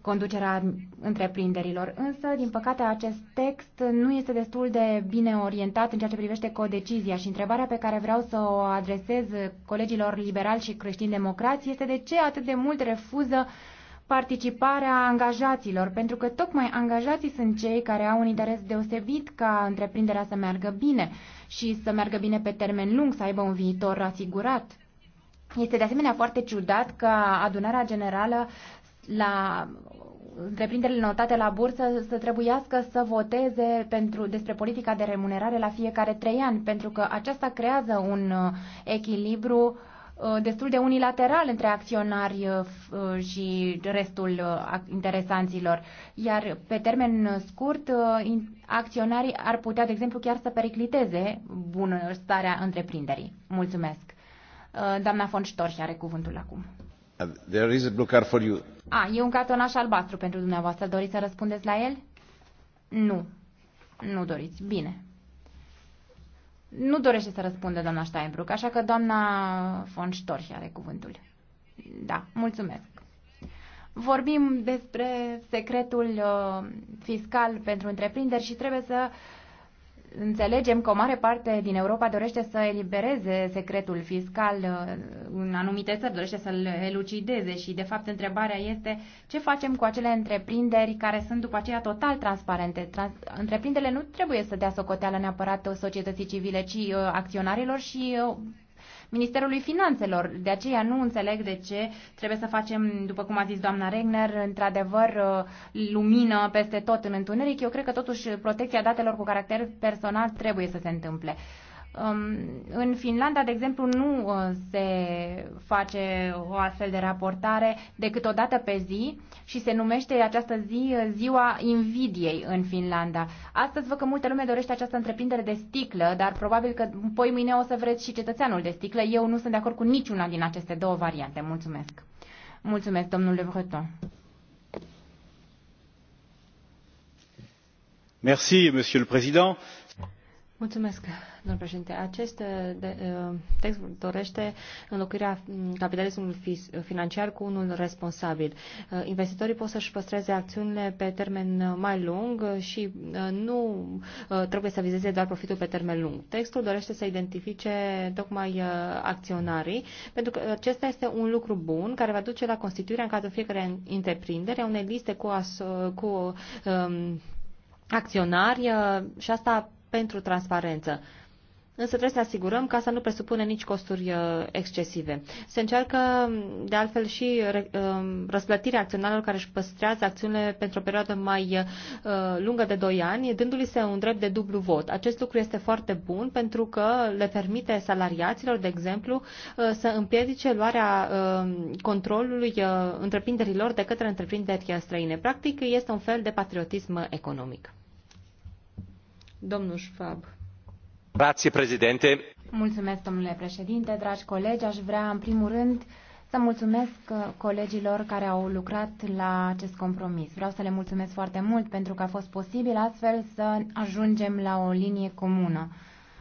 conducerea întreprinderilor. Însă, din păcate, acest text nu este destul de bine orientat în ceea ce privește codecizia și întrebarea pe care vreau să o adresez colegilor liberali și creștini democrați este de ce atât de mult refuză uh, participarea angajaților, pentru că tocmai angajații sunt cei care au un interes deosebit ca întreprinderea să meargă bine și să meargă bine pe termen lung, să aibă un viitor asigurat. Este de asemenea foarte ciudat că adunarea generală la întreprinderile notate la bursă să trebuiască să voteze pentru, despre politica de remunerare la fiecare trei ani, pentru că aceasta creează un uh, echilibru uh, Uh, destul de unilateral între acționari uh, uh, și restul interesanților. Iar pe termen scurt, acționarii ar putea, de exemplu, chiar să pericliteze bunăstarea întreprinderii. Mulțumesc. Doamna von Storch are cuvântul acum. There is a blue card for you. A, e un cartonaș albastru pentru dumneavoastră. Doriți să răspundeți la el? Nu. Nu doriți. Bine. Nu dorește să răspundă doamna Steinbruck, așa că doamna von Storch are cuvântul. Da, mulțumesc. Vorbim despre secretul uh, fiscal pentru întreprinderi și trebuie să înțelegem că o mare parte din Europa dorește să elibereze secretul fiscal uh, în anumite țări, dorește să-l elucideze și, de fapt, întrebarea este ce facem cu acele întreprinderi care sunt după aceea total transparente. Trans- întreprinderile nu trebuie să dea socoteală neapărat societății civile, ci uh, acționarilor și uh, Ministerului Finanțelor. De aceea nu înțeleg de ce trebuie să facem, după cum a zis doamna Regner, într-adevăr uh, lumină peste tot în întuneric. Eu cred că totuși protecția datelor cu caracter personal trebuie să se întâmple. Um, în Finlanda, de exemplu, nu uh, se face o astfel de raportare decât o dată pe zi și se numește această zi uh, Ziua Invidiei în Finlanda. Astăzi văd că multă lume dorește această întreprindere de sticlă, dar probabil că poi mâine o să vreți și cetățeanul de sticlă. Eu nu sunt de acord cu niciuna din aceste două variante. Mulțumesc. Mulțumesc, domnule Breton. Merci, monsieur le président. Mulțumesc, Domnul președinte, acest uh, text dorește înlocuirea mm, capitalismului financiar cu unul responsabil. Uh, investitorii pot să-și păstreze acțiunile pe termen uh, mai lung și nu trebuie să vizeze doar profitul pe termen lung. Textul dorește să identifice tocmai acționarii, pentru că acesta este un lucru bun care va duce la constituirea în cadrul fiecare întreprindere a unei liste cu, aso- cu um, acționari și asta pentru transparență însă trebuie să ne asigurăm că asta nu presupune nici costuri uh, excesive. Se încearcă, de altfel, și um, răsplătirea acționarilor care își păstrează acțiunile pentru o perioadă mai uh, lungă de 2 ani, dându-li se un drept de dublu vot. Acest lucru este foarte bun pentru că le permite salariaților, de exemplu, uh, să împiedice luarea um, controlului întreprinderilor de către întreprinderi străine. Practic, este un fel de patriotism economic. Domnul Schwab. Mulțumesc, domnule președinte, dragi colegi. Aș vrea, în primul rând, să mulțumesc uh, colegilor care au lucrat la acest compromis. Vreau să le mulțumesc foarte mult pentru că a fost posibil astfel să ajungem la o linie comună.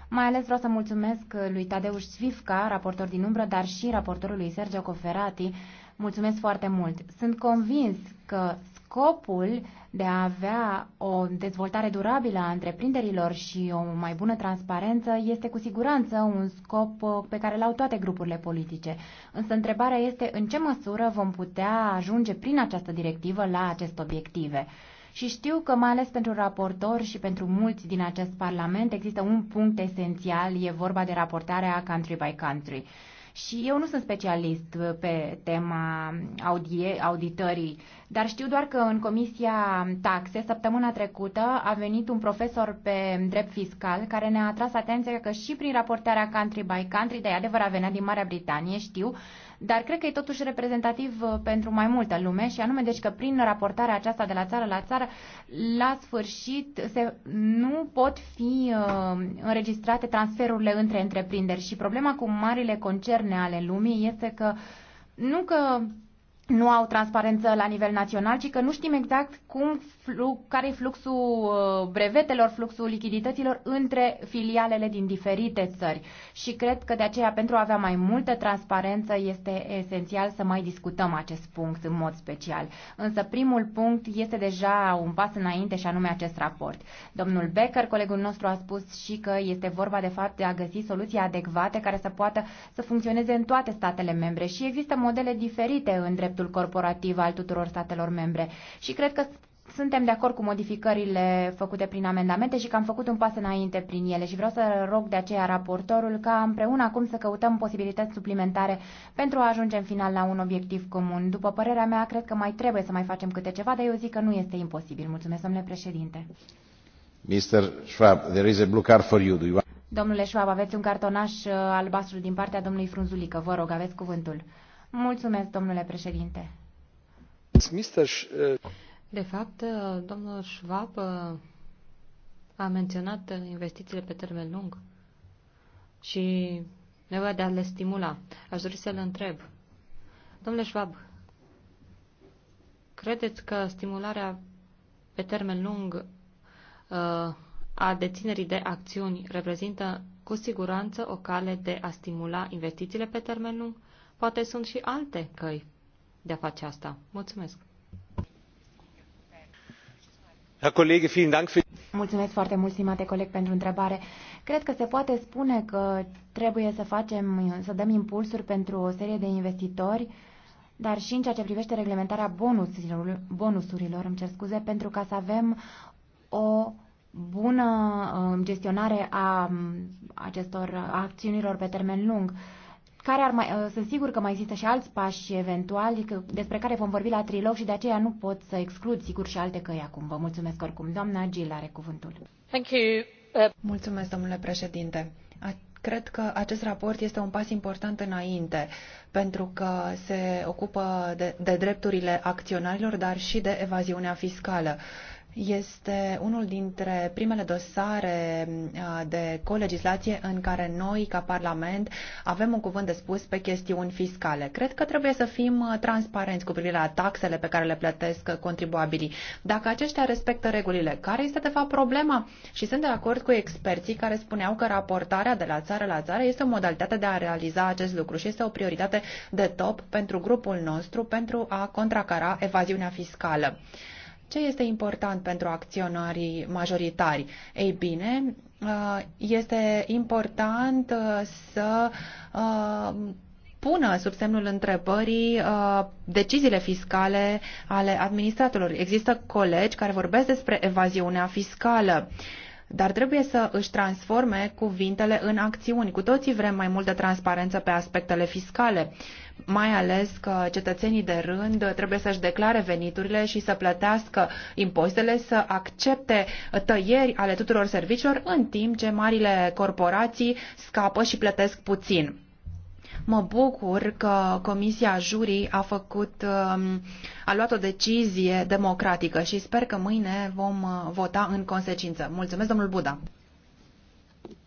Mai ales vreau să mulțumesc uh, lui Tadeusz Svifka, raportor din umbră, dar și raportorului Sergio Coferati. Mulțumesc foarte mult. Sunt convins că scopul de a avea o dezvoltare durabilă a întreprinderilor și o mai bună transparență este cu siguranță un scop uh, pe care l-au toate grupurile politice. Însă întrebarea este în ce măsură vom putea ajunge prin această directivă la aceste obiective. Și știu că, mai ales pentru raportor și pentru mulți din acest Parlament, există un punct esențial, e vorba de raportarea country by country. Și eu nu sunt specialist uh, pe tema audie, auditării, dar știu doar că în Comisia Taxe, săptămâna trecută, a venit un profesor pe drept fiscal care ne-a atras atenția că și prin raportarea country by country, de adevărat venea din Marea Britanie, știu, dar cred că e totuși reprezentativ uh, pentru mai multă lume și anume deci că prin raportarea aceasta de la țară la țară, la sfârșit se, nu pot fi uh, înregistrate transferurile între întreprinderi și problema cu marile concerne ale lumii este că nu că nu au transparență la nivel național, ci că nu știm exact cum, care e fluxul uh, brevetelor, fluxul lichidităților între filialele din diferite țări. Și cred că de aceea, pentru a avea mai multă transparență, este esențial să mai discutăm acest punct în mod special. Însă primul punct este deja un pas înainte și anume acest raport. Domnul Becker, colegul nostru, a spus și că este vorba de fapt de a găsi soluții adecvate care să poată să funcționeze în toate statele membre și există modele diferite între dreptul corporativ al tuturor statelor membre. Și cred că suntem de acord cu modificările făcute prin amendamente și că am făcut un pas înainte prin ele și vreau să rog de aceea raportorul ca împreună acum să căutăm posibilități suplimentare pentru a ajunge în final la un obiectiv comun. După părerea mea, cred că mai trebuie să mai facem câte ceva, dar eu zic că nu este imposibil. Mulțumesc, domnule președinte. Mr. Schwab, there is a blue card for you. Do you want... Domnule Schwab, aveți un cartonaș uh, albastru din partea domnului Frunzulică. Vă rog, aveți cuvântul. Mulțumesc, domnule președinte. De fapt, domnul Schwab uh, a menționat investițiile pe termen lung și nevoia de a le stimula. Aș dori să-l întreb. Domnule Schwab, credeți că stimularea pe termen lung uh, a deținerii de acțiuni reprezintă cu siguranță o cale de a stimula investițiile pe termen lung? Poate sunt și alte căi de a face asta. Mulțumesc! Mulțumesc foarte mult, stimate coleg, pentru întrebare. Cred că se poate spune că trebuie să facem, să dăm impulsuri pentru o serie de investitori, dar și în ceea ce privește reglementarea bonusurilor, bonusurilor îmi cer scuze, pentru ca să avem o bună um, gestionare a um, acestor acțiunilor pe termen lung care ar mai, uh, sunt sigur că mai există și alți pași eventuali că, despre care vom vorbi la trilog și de aceea nu pot să exclud sigur și alte căi acum. Vă mulțumesc oricum. Doamna Gil are cuvântul. Thank you. Uh, mulțumesc, domnule președinte. Cred că acest raport este un pas important înainte, pentru că se ocupă de, de drepturile acționarilor, dar și de evaziunea fiscală. Uh, este unul dintre primele dosare uh, de colegislație în care noi, ca Parlament, avem un cuvânt de spus pe chestiuni fiscale. Cred că trebuie să fim uh, transparenți cu privire la taxele pe care le plătesc contribuabilii. Dacă aceștia respectă regulile, care este de fapt problema? Și sunt de acord cu experții care spuneau că raportarea de la țară la țară este o modalitate de a realiza acest lucru și este o prioritate de top pentru grupul nostru pentru a contracara evaziunea fiscală. Ce este important pentru acționarii majoritari? Ei bine, uh, este important uh, să uh, pună sub semnul întrebării deciziile fiscale ale administratorilor. Există colegi care vorbesc despre evaziunea fiscală dar trebuie să își transforme cuvintele în acțiuni. Cu toții vrem mai multă transparență pe aspectele fiscale mai ales că cetățenii de rând trebuie să-și declare veniturile și să plătească impozitele, să accepte tăieri ale tuturor serviciilor, în timp ce marile corporații scapă și plătesc puțin. Mă bucur că Comisia Jurii a făcut, um, a luat o decizie democratică și sper că mâine vom uh, vota în consecință. Mulțumesc, domnul Buda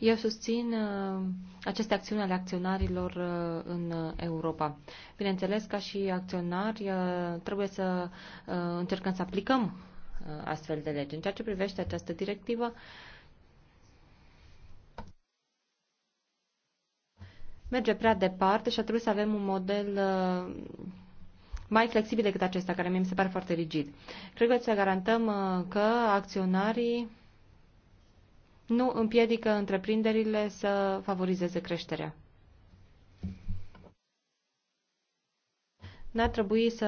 Eu susțin uh, aceste acțiuni ale acționarilor uh, în uh, Europa. Bineînțeles, ca și acționari, trebuie să încercăm să aplicăm astfel de lege. În ceea ce privește această directivă, merge prea departe și a trebuit să avem un model mai flexibil decât acesta, care mie mi se pare foarte rigid. Cred că să garantăm că acționarii nu împiedică întreprinderile să favorizeze creșterea. N-ar trebui să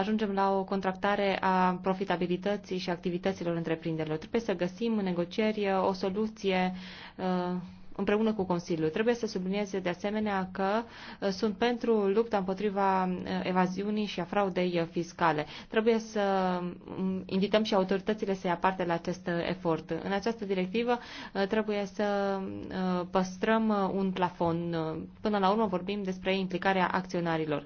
ajungem la o contractare a profitabilității și activităților întreprinderilor. Trebuie să găsim în negocieri o soluție uh, împreună cu Consiliul. Trebuie să subliniez de asemenea că uh, sunt pentru lupta împotriva uh, evaziunii și a fraudei uh, fiscale. Trebuie să um, invităm și autoritățile să ia parte la acest efort. În această directivă trebuie să păstrăm un plafon. Până la urmă vorbim despre implicarea acționarilor.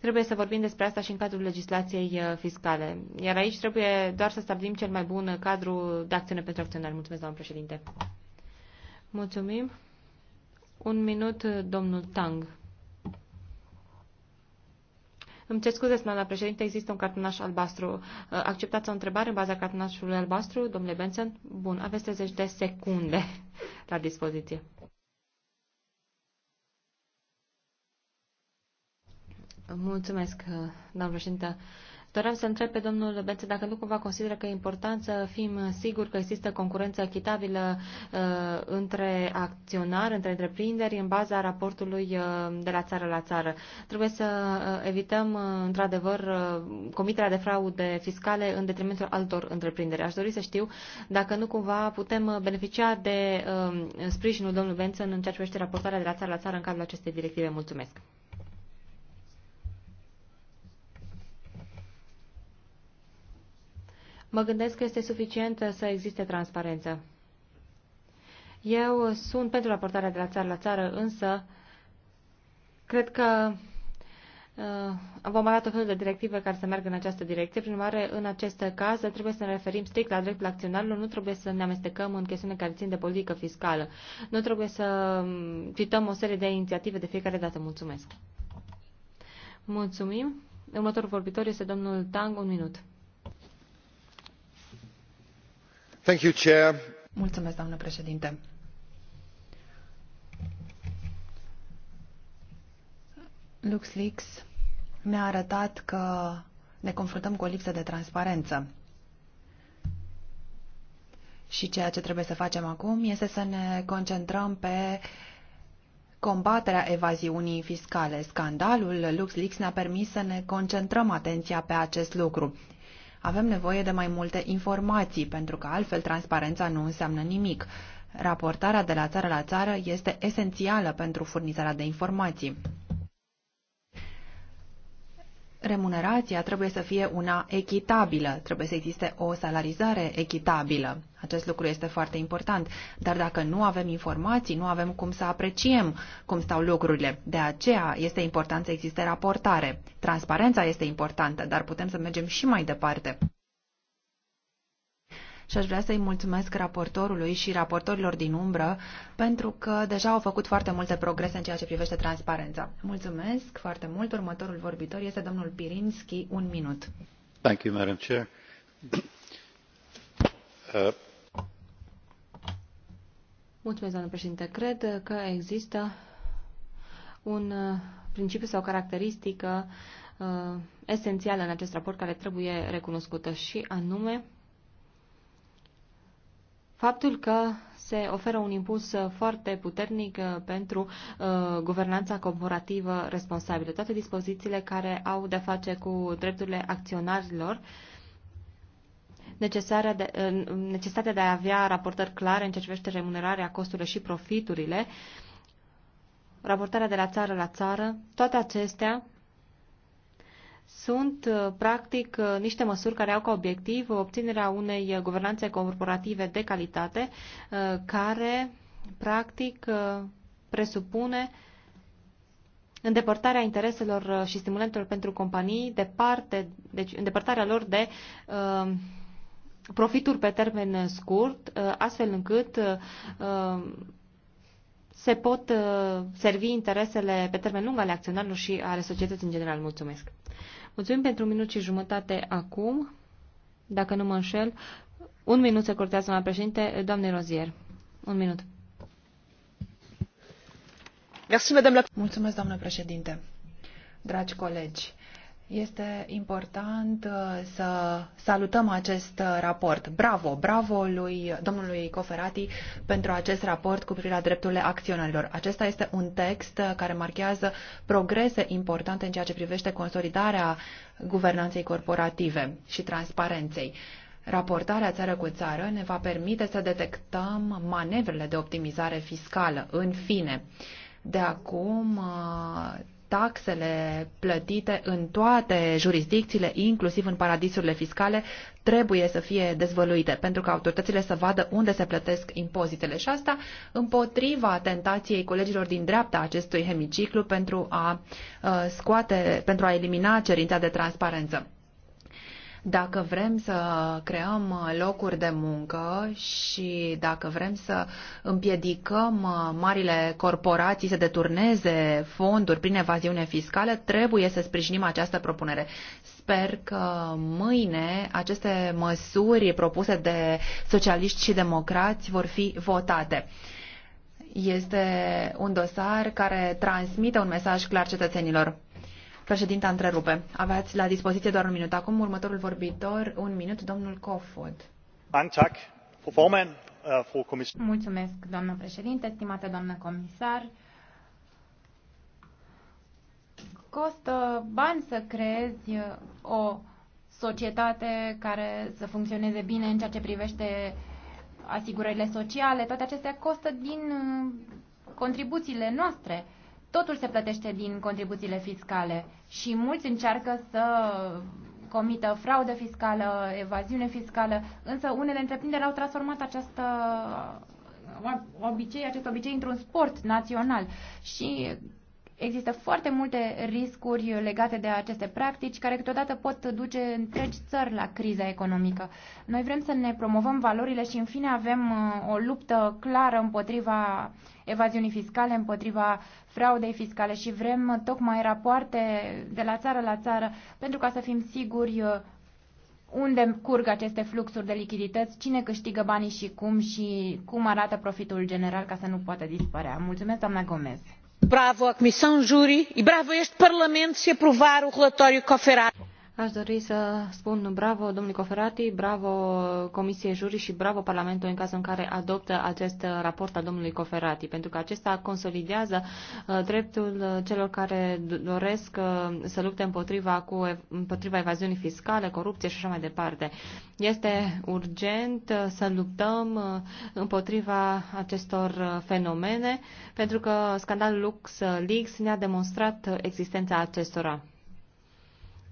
Trebuie să vorbim despre asta și în cadrul legislației fiscale. Iar aici trebuie doar să stabilim cel mai bun cadru de acțiune pentru acționari. Mulțumesc, doamnă președinte. Mulțumim. Un minut, domnul Tang. Îmi cer scuze, doamna președinte, există un cartonaș albastru. Uh, acceptați o întrebare în baza cartonașului albastru, domnule Benson? Bun, aveți 30 de secunde la dispoziție. Mulțumesc, uh, domnule președinte. Doream să întreb pe domnul Bențe dacă nu cumva consideră că e important să fim siguri că există concurență echitabilă uh, între acționari, între întreprinderi, în baza raportului uh, de la țară la țară. Trebuie să uh, evităm, uh, într-adevăr, uh, comiterea de fraude fiscale în detrimentul altor întreprinderi. Aș dori să știu dacă nu cumva putem uh, beneficia de uh, sprijinul domnului Bențe în ceea ce privește raportarea de la țară la țară în cadrul acestei directive. Mulțumesc! mă gândesc că este suficient să existe transparență. Eu sunt pentru raportarea de la țară la țară, însă cred că uh, vom avea tot felul de directive care să meargă în această direcție. Prin urmare, în acest caz, trebuie să ne referim strict la dreptul acționarilor, nu trebuie să ne amestecăm în chestiune care țin de politică fiscală. Nu trebuie să um, cităm o serie de inițiative de fiecare dată. Mulțumesc! Mulțumim! Următorul vorbitor este domnul Tang, un minut. Mulțumesc, doamnă președinte. LuxLeaks mi-a arătat că ne confruntăm cu o lipsă de transparență. Și ceea ce trebuie să facem acum este să ne concentrăm pe combaterea evaziunii fiscale. Scandalul LuxLeaks ne-a permis să ne concentrăm atenția pe acest lucru. Avem nevoie de mai multe informații, pentru că altfel transparența nu înseamnă nimic. Raportarea de la țară la țară este esențială pentru furnizarea de informații remunerația trebuie să fie una echitabilă, trebuie să existe o salarizare echitabilă. Acest lucru este foarte important, dar dacă nu avem informații, nu avem cum să apreciem cum stau lucrurile. De aceea este important să existe raportare. Transparența este importantă, dar putem să mergem și mai departe și aș vrea să-i mulțumesc raportorului și raportorilor din umbră pentru că deja au făcut foarte multe progrese în ceea ce privește transparența. Mulțumesc foarte mult. Următorul vorbitor este domnul Pirinski. Un minut. Thank you, Madam Chair. Uh, mulțumesc, doamnă președinte. Cred că există un uh, principiu sau caracteristică uh, esențială în acest raport care trebuie recunoscută și anume Faptul că se oferă un impuls uh, foarte puternic uh, pentru uh, guvernanța corporativă responsabilă. Toate dispozițiile care au de-a face cu drepturile acționarilor uh, necesitatea de a avea raportări clare în ce privește remunerarea, costurile și profiturile, raportarea de la țară la țară, toate acestea sunt uh, practic uh, niște măsuri care au ca obiectiv obținerea unei uh, guvernanțe corporative de calitate care practic presupune îndepărtarea intereselor și stimulentelor pentru companii de parte, deci îndepărtarea lor de profituri pe termen scurt, astfel încât se pot servi interesele pe termen lung ale acționarilor și ale societății în general. Mulțumesc! Mulțumim pentru un minut și jumătate acum. Dacă nu mă înșel, un minut se cortează, doamna președinte, doamne Rozier. Un minut. Mulțumesc, doamnă președinte. Dragi colegi, este important uh, să salutăm acest uh, raport. Bravo, bravo lui domnului Coferati pentru acest raport cu privire la drepturile acționarilor. Acesta este un text uh, care marchează progrese importante în ceea ce privește consolidarea guvernanței corporative și transparenței. Raportarea țară cu țară ne va permite să detectăm manevrele de optimizare fiscală. În fine, de acum taxele plătite în toate jurisdicțiile, inclusiv în paradisurile fiscale, trebuie să fie dezvăluite pentru că autoritățile să vadă unde se plătesc impozitele și asta împotriva tentației colegilor din dreapta acestui hemiciclu pentru a uh, scoate, pentru a elimina cerința de transparență. Dacă vrem să creăm locuri de muncă și dacă vrem să împiedicăm marile corporații să deturneze fonduri prin evaziune fiscală, trebuie să sprijinim această propunere. Sper că mâine aceste măsuri propuse de socialiști și democrați vor fi votate este un dosar care transmite un mesaj clar cetățenilor. Președinte, întrerupe. Aveați la dispoziție doar un minut. Acum următorul vorbitor, un minut, domnul Kofod. Øh, Mulțumesc, doamnă președinte, stimată doamnă comisar. Costă bani să creezi uh, o societate care să funcționeze bine în ceea ce privește asigurările sociale. Toate acestea costă din uh, contribuțiile noastre totul se plătește din contribuțiile fiscale și mulți încearcă să comită fraudă fiscală, evaziune fiscală, însă unele întreprinderi au transformat această obicei, acest obicei într-un sport național și Există foarte multe riscuri legate de aceste practici care câteodată pot duce întregi țări la criza economică. Noi vrem să ne promovăm valorile și în fine avem uh, o luptă clară împotriva evaziunii fiscale, împotriva fraudei fiscale și vrem uh, tocmai rapoarte de la țară la țară pentru ca să fim siguri uh, unde curg aceste fluxuri de lichidități, cine câștigă banii și cum și cum arată profitul general ca să nu poată dispărea. Mulțumesc, doamna Gomez bravo à comissão juri e bravo a este parlamento se aprovar o relatório cofferati. Aș dori să spun bravo domnului Coferati, bravo Comisiei Juri și bravo Parlamentului în cazul în care adoptă acest raport al domnului Coferati, pentru că acesta consolidează uh, dreptul uh, celor care doresc uh, să lupte împotriva, cu, împotriva evaziunii fiscale, corupție și așa mai departe. Este urgent să luptăm împotriva acestor fenomene, pentru că scandalul LuxLeaks ne-a demonstrat existența acestora.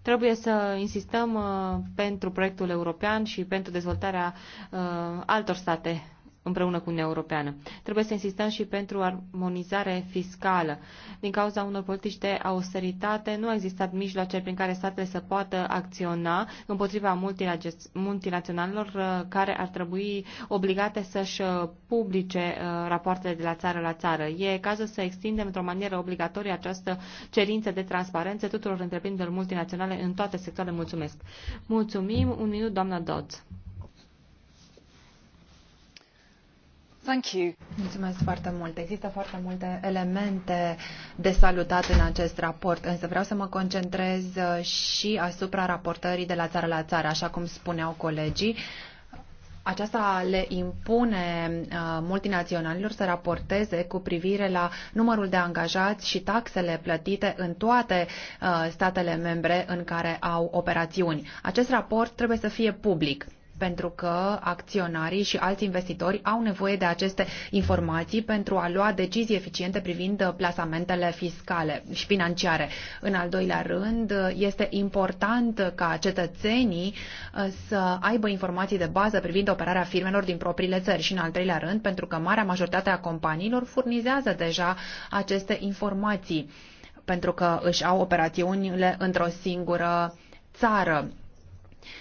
Trebuie să insistăm uh, pentru proiectul european și pentru dezvoltarea uh, altor state împreună cu Uniunea Europeană. Trebuie să insistăm și pentru armonizare fiscală. Din cauza unor politici de austeritate nu a existat mijloace prin care statele să poată acționa împotriva multinaționalilor uh, care ar trebui obligate să-și uh, publice uh, rapoartele de la țară la țară. E cazul să extindem într-o manieră obligatorie această cerință de transparență tuturor întreprinderilor multinaționale în toate sectoarele. Mulțumesc! Mulțumim! Un minut, doamna Dodds. Thank you. Mulțumesc foarte mult. Există foarte multe elemente de salutat în acest raport, însă vreau să mă concentrez uh, și asupra raportării de la țară la țară, așa cum spuneau colegii aceasta le impune uh, multinaționalilor să raporteze cu privire la numărul de angajați și taxele plătite în toate uh, statele membre în care au operațiuni. Acest raport trebuie să fie public pentru că acționarii și alți investitori au nevoie de aceste informații pentru a lua decizii eficiente privind uh, plasamentele fiscale și financiare. În al doilea rând, uh, este important ca cetățenii uh, să aibă informații de bază privind operarea firmelor din propriile țări și, în al treilea rând, pentru că marea majoritate a companiilor furnizează deja aceste informații pentru că își au operațiunile într-o singură țară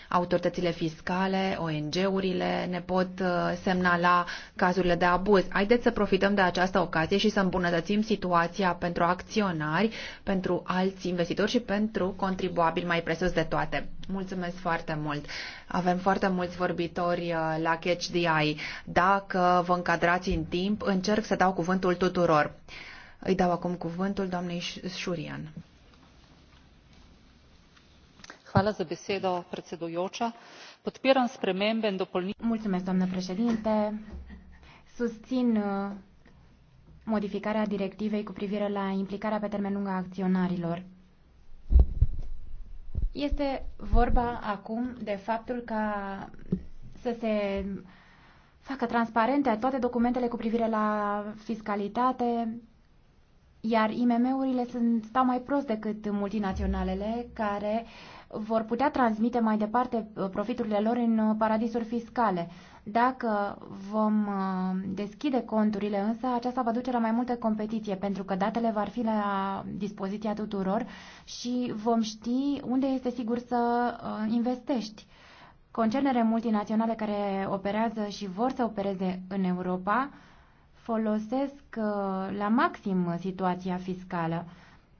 Autoritățile fiscale, ONG-urile ne pot uh, semnala cazurile de abuz. Haideți să profităm de această ocazie și să îmbunătățim situația pentru acționari, pentru alți investitori și pentru contribuabili mai presus de toate. Mulțumesc foarte mult. Avem foarte mulți vorbitori uh, la Catch the Eye. Dacă vă încadrați în timp, încerc să dau cuvântul tuturor. Îi dau acum cuvântul doamnei Șurian podpiram spremembe susțin uh, modificarea directivei cu privire la implicarea pe termen lung a acționarilor. Este vorba acum de faptul ca să se facă transparente toate documentele cu privire la fiscalitate, iar IMM-urile stau mai prost decât multinaționalele care vor putea transmite mai departe uh, profiturile lor în uh, paradisuri fiscale. Dacă vom uh, deschide conturile, însă, aceasta va duce la mai multă competiție, pentru că datele vor fi la dispoziția tuturor și vom ști unde este sigur să investești. Concernele multinaționale care operează și vor să opereze în Europa folosesc la maxim situația fiscală.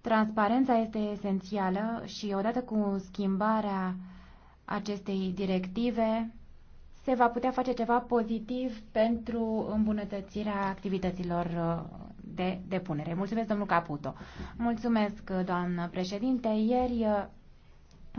Transparența este esențială și odată cu schimbarea acestei directive se va putea face ceva pozitiv pentru îmbunătățirea activităților uh, de depunere. Mulțumesc, domnul Caputo. Mulțumesc, doamnă președinte. Ieri uh,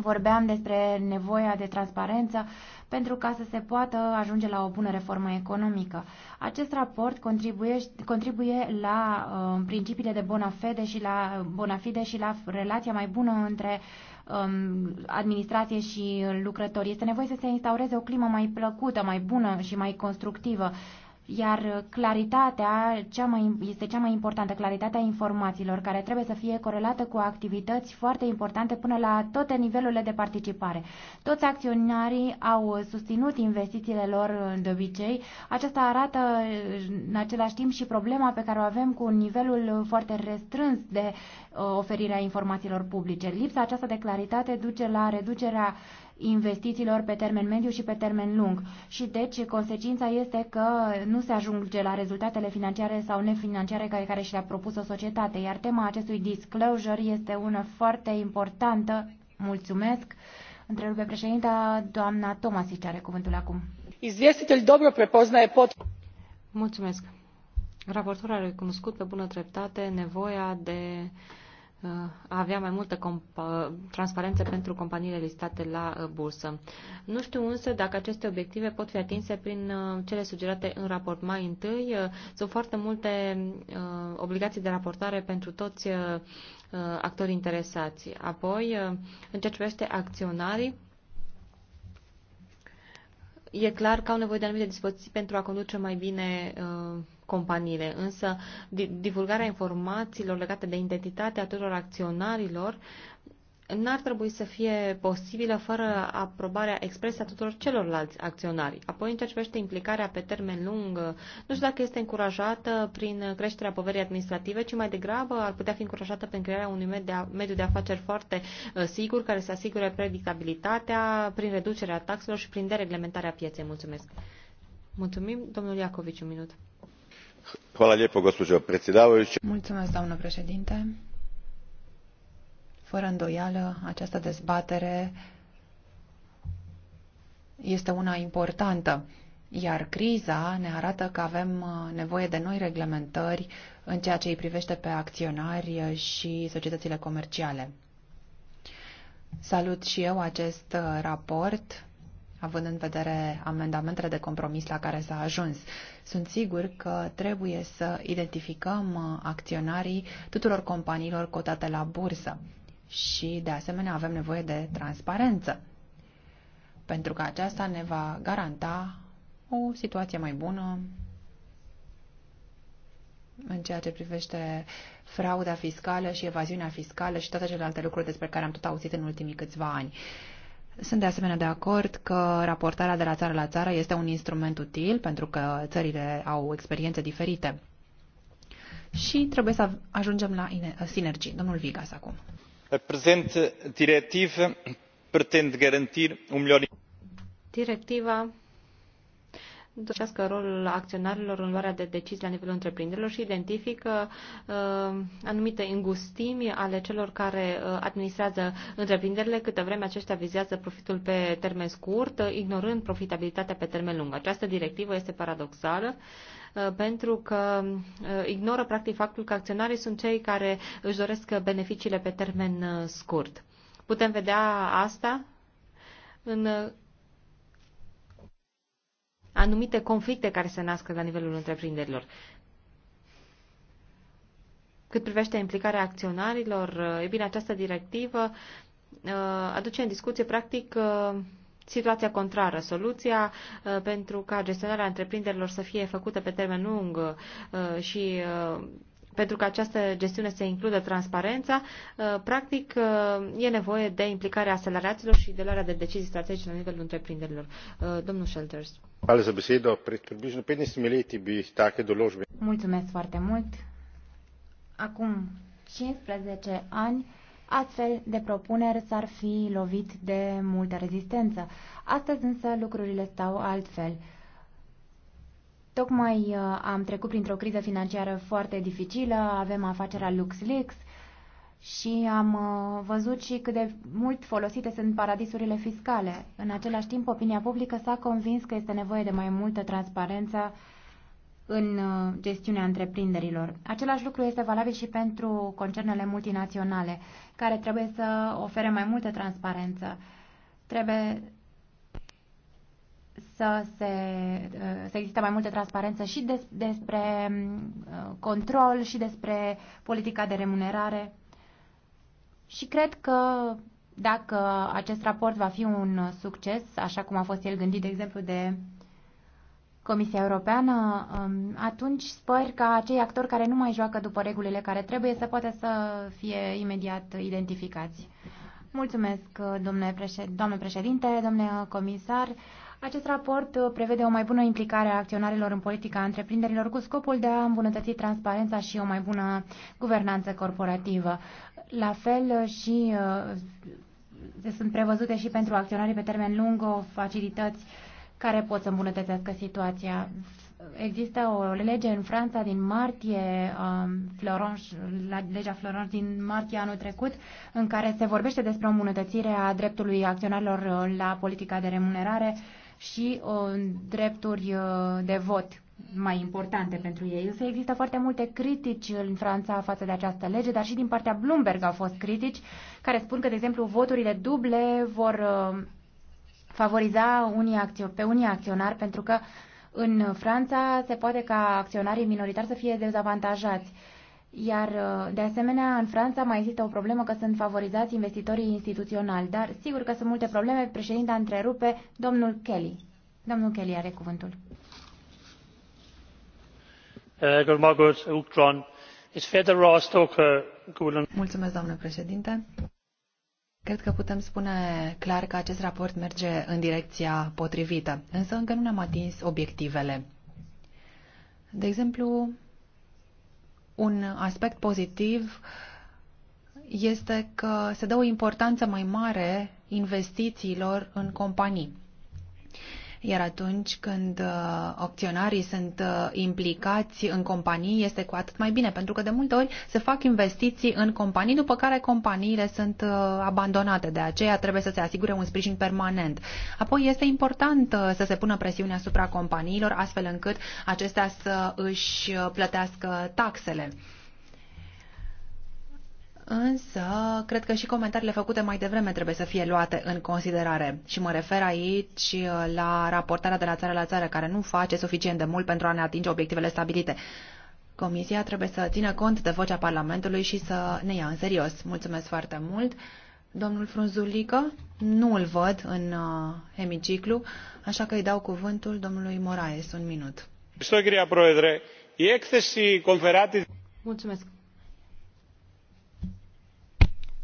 Vorbeam despre nevoia de transparență pentru ca să se poată ajunge la o bună reformă economică. Acest raport contribuie, contribuie la uh, principiile de bona fide și la bona fide și la relația mai bună între um, administrație și lucrători. Este nevoie să se instaureze o climă mai plăcută, mai bună și mai constructivă iar claritatea cea mai, este cea mai importantă, claritatea informațiilor, care trebuie să fie corelată cu activități foarte importante până la toate nivelurile de participare. Toți acționarii au susținut investițiile lor de obicei. Aceasta arată în același timp și problema pe care o avem cu nivelul foarte restrâns de uh, oferirea informațiilor publice. Lipsa aceasta de claritate duce la reducerea investițiilor pe termen mediu și pe termen lung. Și deci consecința este că nu se ajunge la rezultatele financiare sau nefinanciare care, care și le-a propus o societate, iar tema acestui disclosure este una foarte importantă. Mulțumesc. Întrerupe președinta, doamna Tomasic are cuvântul acum. Izvjestitelj dobro prepoznaje pot... Mulțumesc. Raportorul a recunoscut pe bună dreptate nevoia de a uh, avea mai multă uh, transparență pentru companiile listate la uh, bursă. Nu știu însă dacă aceste obiective pot fi atinse prin cele sugerate în raport. Mai întâi, sunt foarte multe obligații de raportare pentru toți actorii interesați. Apoi, în ceea ce privește acționarii, e clar că au nevoie de anumite dispoziții pentru a conduce mai bine companiile, însă divulgarea informațiilor legate de identitatea tuturor acționarilor n-ar trebui să fie posibilă fără aprobarea expresă a tuturor celorlalți acționari. Apoi, în ceea ce privește implicarea pe termen lung, nu știu dacă este încurajată prin creșterea poverii administrative, ci mai degrabă ar putea fi încurajată prin crearea unui mediu de afaceri foarte uh, sigur, care să asigure predictabilitatea prin reducerea taxelor și prin dereglementarea pieței. Mulțumesc! Mulțumim, domnul Iacovici, un minut gospođo președinte fără îndoială această dezbatere este una importantă iar criza ne arată că avem uh, nevoie de noi reglementări în ceea ce îi privește pe acționari uh, și societățile comerciale. Salut și eu acest uh, raport având în vedere amendamentele de compromis la care s-a ajuns. Sunt sigur că trebuie să identificăm uh, acționarii tuturor companiilor cotate la bursă și, de asemenea, avem nevoie de transparență, pentru că aceasta ne va garanta o situație mai bună în ceea ce privește frauda fiscală și evaziunea fiscală și toate celelalte lucruri despre care am tot auzit în ultimii câțiva ani. Uh, sunt de asemenea de acord că raportarea de la țară la țară este un instrument util pentru că țările au experiențe diferite. Și trebuie să ajungem la sinergii. Domnul Vigas acum. Prezent directiv pretend garantir un milion. Directiva docească rolul acționarilor în luarea de decizii la nivelul întreprinderilor și identifică uh, anumite îngustimi ale celor care uh, administrează întreprinderile câtă vreme aceștia vizează profitul pe termen scurt, uh, ignorând profitabilitatea pe termen lung. Această directivă este paradoxală uh, pentru că uh, ignoră practic faptul că acționarii sunt cei care își doresc beneficiile pe termen uh, scurt. Putem vedea asta în anumite conflicte care se nasc la nivelul întreprinderilor. Cât privește implicarea acționarilor, e bine, această directivă uh, aduce în discuție, practic, uh, situația contrară, soluția uh, pentru ca gestionarea întreprinderilor să fie făcută pe termen lung și pentru că această gestiune să includă transparența, uh, practic uh, e nevoie de implicarea salariaților și de luarea de decizii strategice la nivelul întreprinderilor. Uh, domnul Shelters. Mulțumesc foarte mult. Acum 15 ani, astfel de propuneri s-ar fi lovit de multă rezistență. Astăzi însă lucrurile stau altfel. Tocmai uh, am trecut printr-o criză financiară foarte dificilă, avem afacerea LuxLeaks și am uh, văzut și cât de mult folosite sunt paradisurile fiscale. În același timp, opinia publică s-a convins că este nevoie de mai multă transparență în uh, gestiunea întreprinderilor. Același lucru este valabil și pentru concernele multinaționale, care trebuie să ofere mai multă transparență. Trebuie să, se, uh, să existe mai multă transparență și des, despre uh, control și despre politica de remunerare. Și cred că dacă acest raport va fi un succes, așa cum a fost el gândit, de exemplu, de Comisia Europeană, um, atunci sper că acei actori care nu mai joacă după regulile care trebuie să poată să fie imediat identificați. Mulțumesc, domnule președinte, domnule comisar. Acest raport uh, prevede o mai bună implicare a acționarilor în politica întreprinderilor cu scopul de a îmbunătăți transparența și o mai bună guvernanță corporativă. La fel și uh, sunt prevăzute și pentru acționarii pe termen lung o facilități care pot să îmbunătățească situația. Există o lege în Franța din martie, um, la legea Florence din martie anul trecut, în care se vorbește despre o îmbunătățire a dreptului acționarilor uh, la politica de remunerare și uh, drepturi uh, de vot mai importante pentru ei. Însă există foarte multe critici în Franța față de această lege, dar și din partea Bloomberg au fost critici care spun că, de exemplu, voturile duble vor uh, favoriza unii acțio- pe unii acționari pentru că în Franța se poate ca acționarii minoritari să fie dezavantajați. Iar, uh, de asemenea, în Franța mai există o problemă că sunt favorizați investitorii instituționali, dar sigur că sunt multe probleme. Președinta întrerupe domnul Kelly. Domnul Kelly are cuvântul. Mulțumesc, doamnă președinte. Cred că putem spune clar că acest raport merge în direcția potrivită, însă încă nu ne-am atins obiectivele. De exemplu, un aspect pozitiv este că se dă o importanță mai mare investițiilor în companii. Iar atunci când uh, opționarii sunt uh, implicați în companii, este cu atât mai bine, pentru că de multe ori se fac investiții în companii, după care companiile sunt uh, abandonate. De aceea trebuie să se asigure un sprijin permanent. Apoi este important să se pună presiune asupra companiilor, astfel încât acestea să își plătească taxele. Însă, cred că și comentariile făcute mai devreme trebuie să fie luate în considerare. Și mă refer aici la raportarea de la țară la țară, care nu face suficient de mult pentru a ne atinge obiectivele stabilite. Comisia trebuie să țină cont de vocea Parlamentului și să ne ia în serios. Mulțumesc foarte mult. Domnul Frunzulică, nu îl văd în uh, hemiciclu, așa că îi dau cuvântul domnului Moraes. Un minut. Mulțumesc.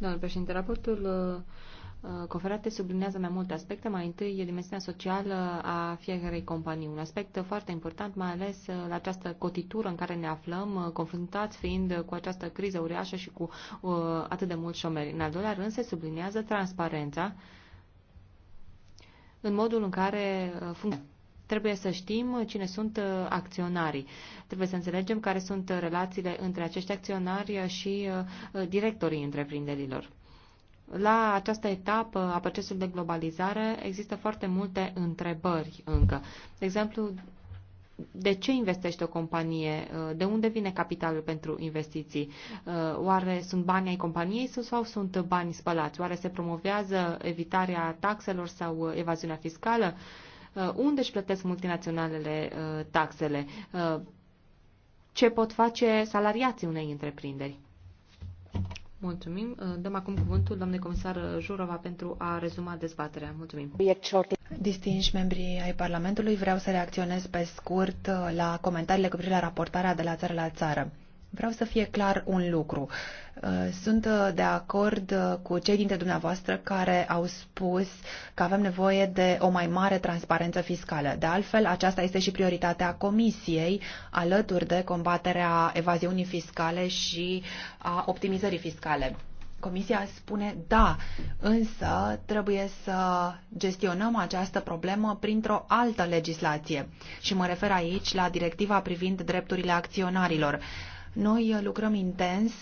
Domnul președinte, raportul uh, uh, Coferate sublinează mai multe aspecte. Mai întâi e dimensiunea socială a fiecarei companii. Un aspect foarte important, mai ales uh, la această cotitură în care ne aflăm, confruntați fiind cu această criză uriașă și cu uh, atât de mulți șomeri. În al doilea rând se sublinează transparența în modul în care funcționează Trebuie să știm cine sunt uh, acționarii. Trebuie să înțelegem care sunt uh, relațiile între acești acționari și uh, directorii întreprinderilor. La această etapă a procesului de globalizare există foarte multe întrebări încă. De exemplu, de ce investește o companie? De unde vine capitalul pentru investiții? Oare sunt bani ai companiei sau sunt bani spălați? Oare se promovează evitarea taxelor sau evaziunea fiscală? Uh, unde își plătesc multinaționalele uh, taxele, uh, ce pot face salariații unei întreprinderi. Mulțumim. Dăm acum cuvântul doamnei comisar Jurova pentru a rezuma dezbaterea. Mulțumim. Distinși membrii ai Parlamentului, vreau să reacționez pe scurt la comentariile cu privire la raportarea de la țară la țară. Vreau să fie clar un lucru. Uh, sunt uh, de acord uh, cu cei dintre dumneavoastră care au spus că avem nevoie de o mai mare transparență fiscală. De altfel, aceasta este și prioritatea Comisiei, alături de combaterea evaziunii fiscale și a optimizării fiscale. Comisia spune da, însă trebuie să gestionăm această problemă printr-o altă legislație. Și mă refer aici la directiva privind drepturile acționarilor. Noi lucrăm intens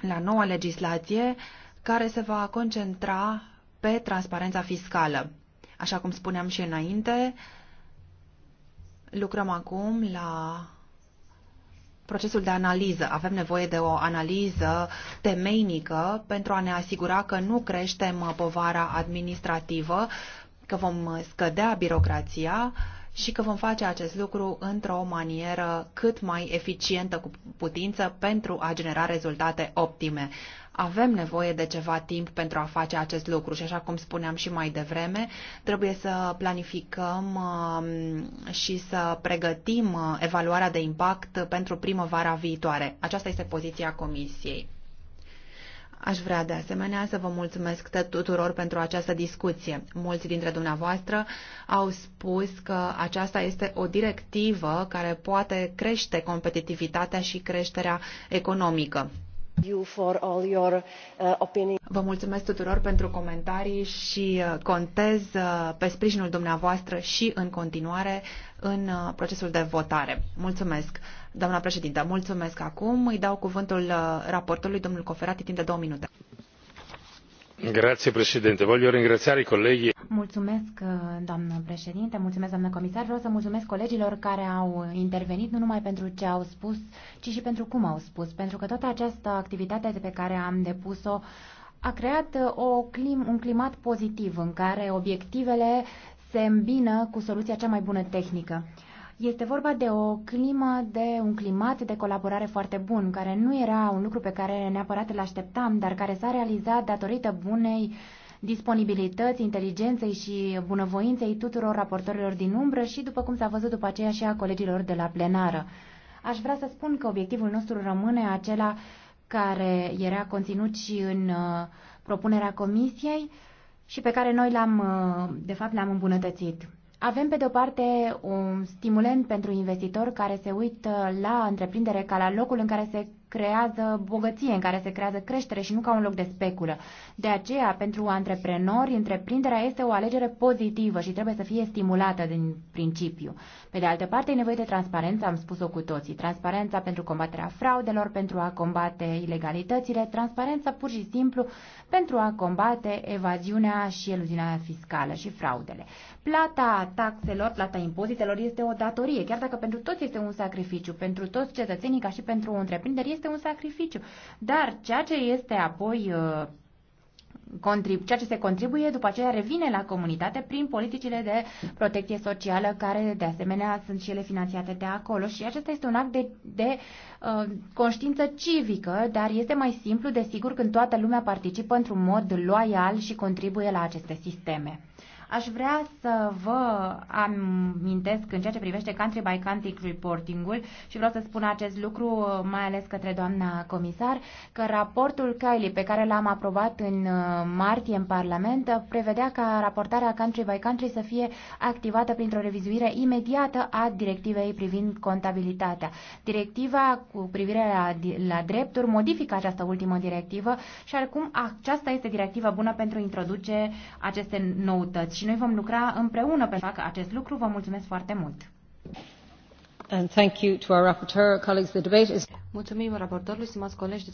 la noua legislație care se va concentra pe transparența fiscală. Așa cum spuneam și înainte, lucrăm acum la procesul de analiză. Avem nevoie de o analiză temeinică pentru a ne asigura că nu creștem povara administrativă, că vom scădea birocrația și că vom face acest lucru într-o manieră cât mai eficientă cu putință pentru a genera rezultate optime. Avem nevoie de ceva timp pentru a face acest lucru și așa cum spuneam și mai devreme, trebuie să planificăm um, și să pregătim uh, evaluarea de impact pentru primăvara viitoare. Aceasta este poziția Comisiei. Aș vrea de asemenea să vă mulțumesc tuturor pentru această discuție. Mulți dintre dumneavoastră au spus că aceasta este o directivă care poate crește competitivitatea și creșterea economică. Uh, vă mulțumesc tuturor pentru comentarii și uh, contez uh, pe sprijinul dumneavoastră și în continuare în uh, procesul de votare. Mulțumesc, doamna președintă. Mulțumesc acum. Îi dau cuvântul uh, raportului domnul Coferati timp de două minute. Grazie, președinte. Voglio ringraziare i colleghi. Mulțumesc, uh, doamnă președinte, mulțumesc, doamnă comisar. Vreau să mulțumesc colegilor care au intervenit nu numai pentru ce au spus, ci și pentru cum au spus, pentru că toată această activitate pe care am depus-o a creat o clim, un climat pozitiv în care obiectivele se îmbină cu soluția cea mai bună tehnică. Este vorba de o climă, de un climat de colaborare foarte bun, care nu era un lucru pe care neapărat îl așteptam, dar care s-a realizat datorită bunei disponibilități, inteligenței și bunăvoinței tuturor raportorilor din umbră și, după cum s-a văzut după aceea, și a colegilor de la plenară. Aș vrea să spun că obiectivul nostru rămâne acela care era conținut și în uh, propunerea comisiei, și pe care noi l-am, uh, de fapt, l-am îmbunătățit. Avem, pe de-o parte, un stimulent pentru investitori care se uită la întreprindere ca la locul în care se creează bogăție, în care se creează creștere și nu ca un loc de speculă. De aceea, pentru antreprenori, întreprinderea este o alegere pozitivă și trebuie să fie stimulată din principiu. Pe de altă parte, e nevoie de transparență, am spus-o cu toții. Transparența pentru combaterea fraudelor, pentru a combate ilegalitățile, transparența pur și simplu pentru a combate evaziunea și eluziunea fiscală și fraudele. Plata taxelor, plata impozitelor este o datorie, chiar dacă pentru toți este un sacrificiu, pentru toți cetățenii ca și pentru o întreprindere este un sacrificiu. Dar ceea ce este apoi uh, contrib, ceea ce se contribuie după aceea revine la comunitate prin politicile de protecție socială care de asemenea sunt și ele finanțate de acolo și acesta este un act de, de uh, conștiință civică, dar este mai simplu desigur când toată lumea participă într-un mod loial și contribuie la aceste sisteme. Aș vrea să vă amintesc în ceea ce privește country by country reporting-ul și vreau să spun acest lucru mai ales către doamna comisar, că raportul Kylie pe care l-am aprobat în uh, martie în Parlament prevedea ca raportarea country by country să fie activată printr-o revizuire imediată a directivei privind contabilitatea. Directiva cu privire la, la drepturi modifică această ultimă directivă și acum aceasta este directiva bună pentru introduce aceste noutăți și noi vom lucra împreună pentru a face acest lucru. Vă mulțumesc foarte mult! And thank you to our rapporteur, colleagues. The debate is... Mulțumim raportorului, stimați colegi.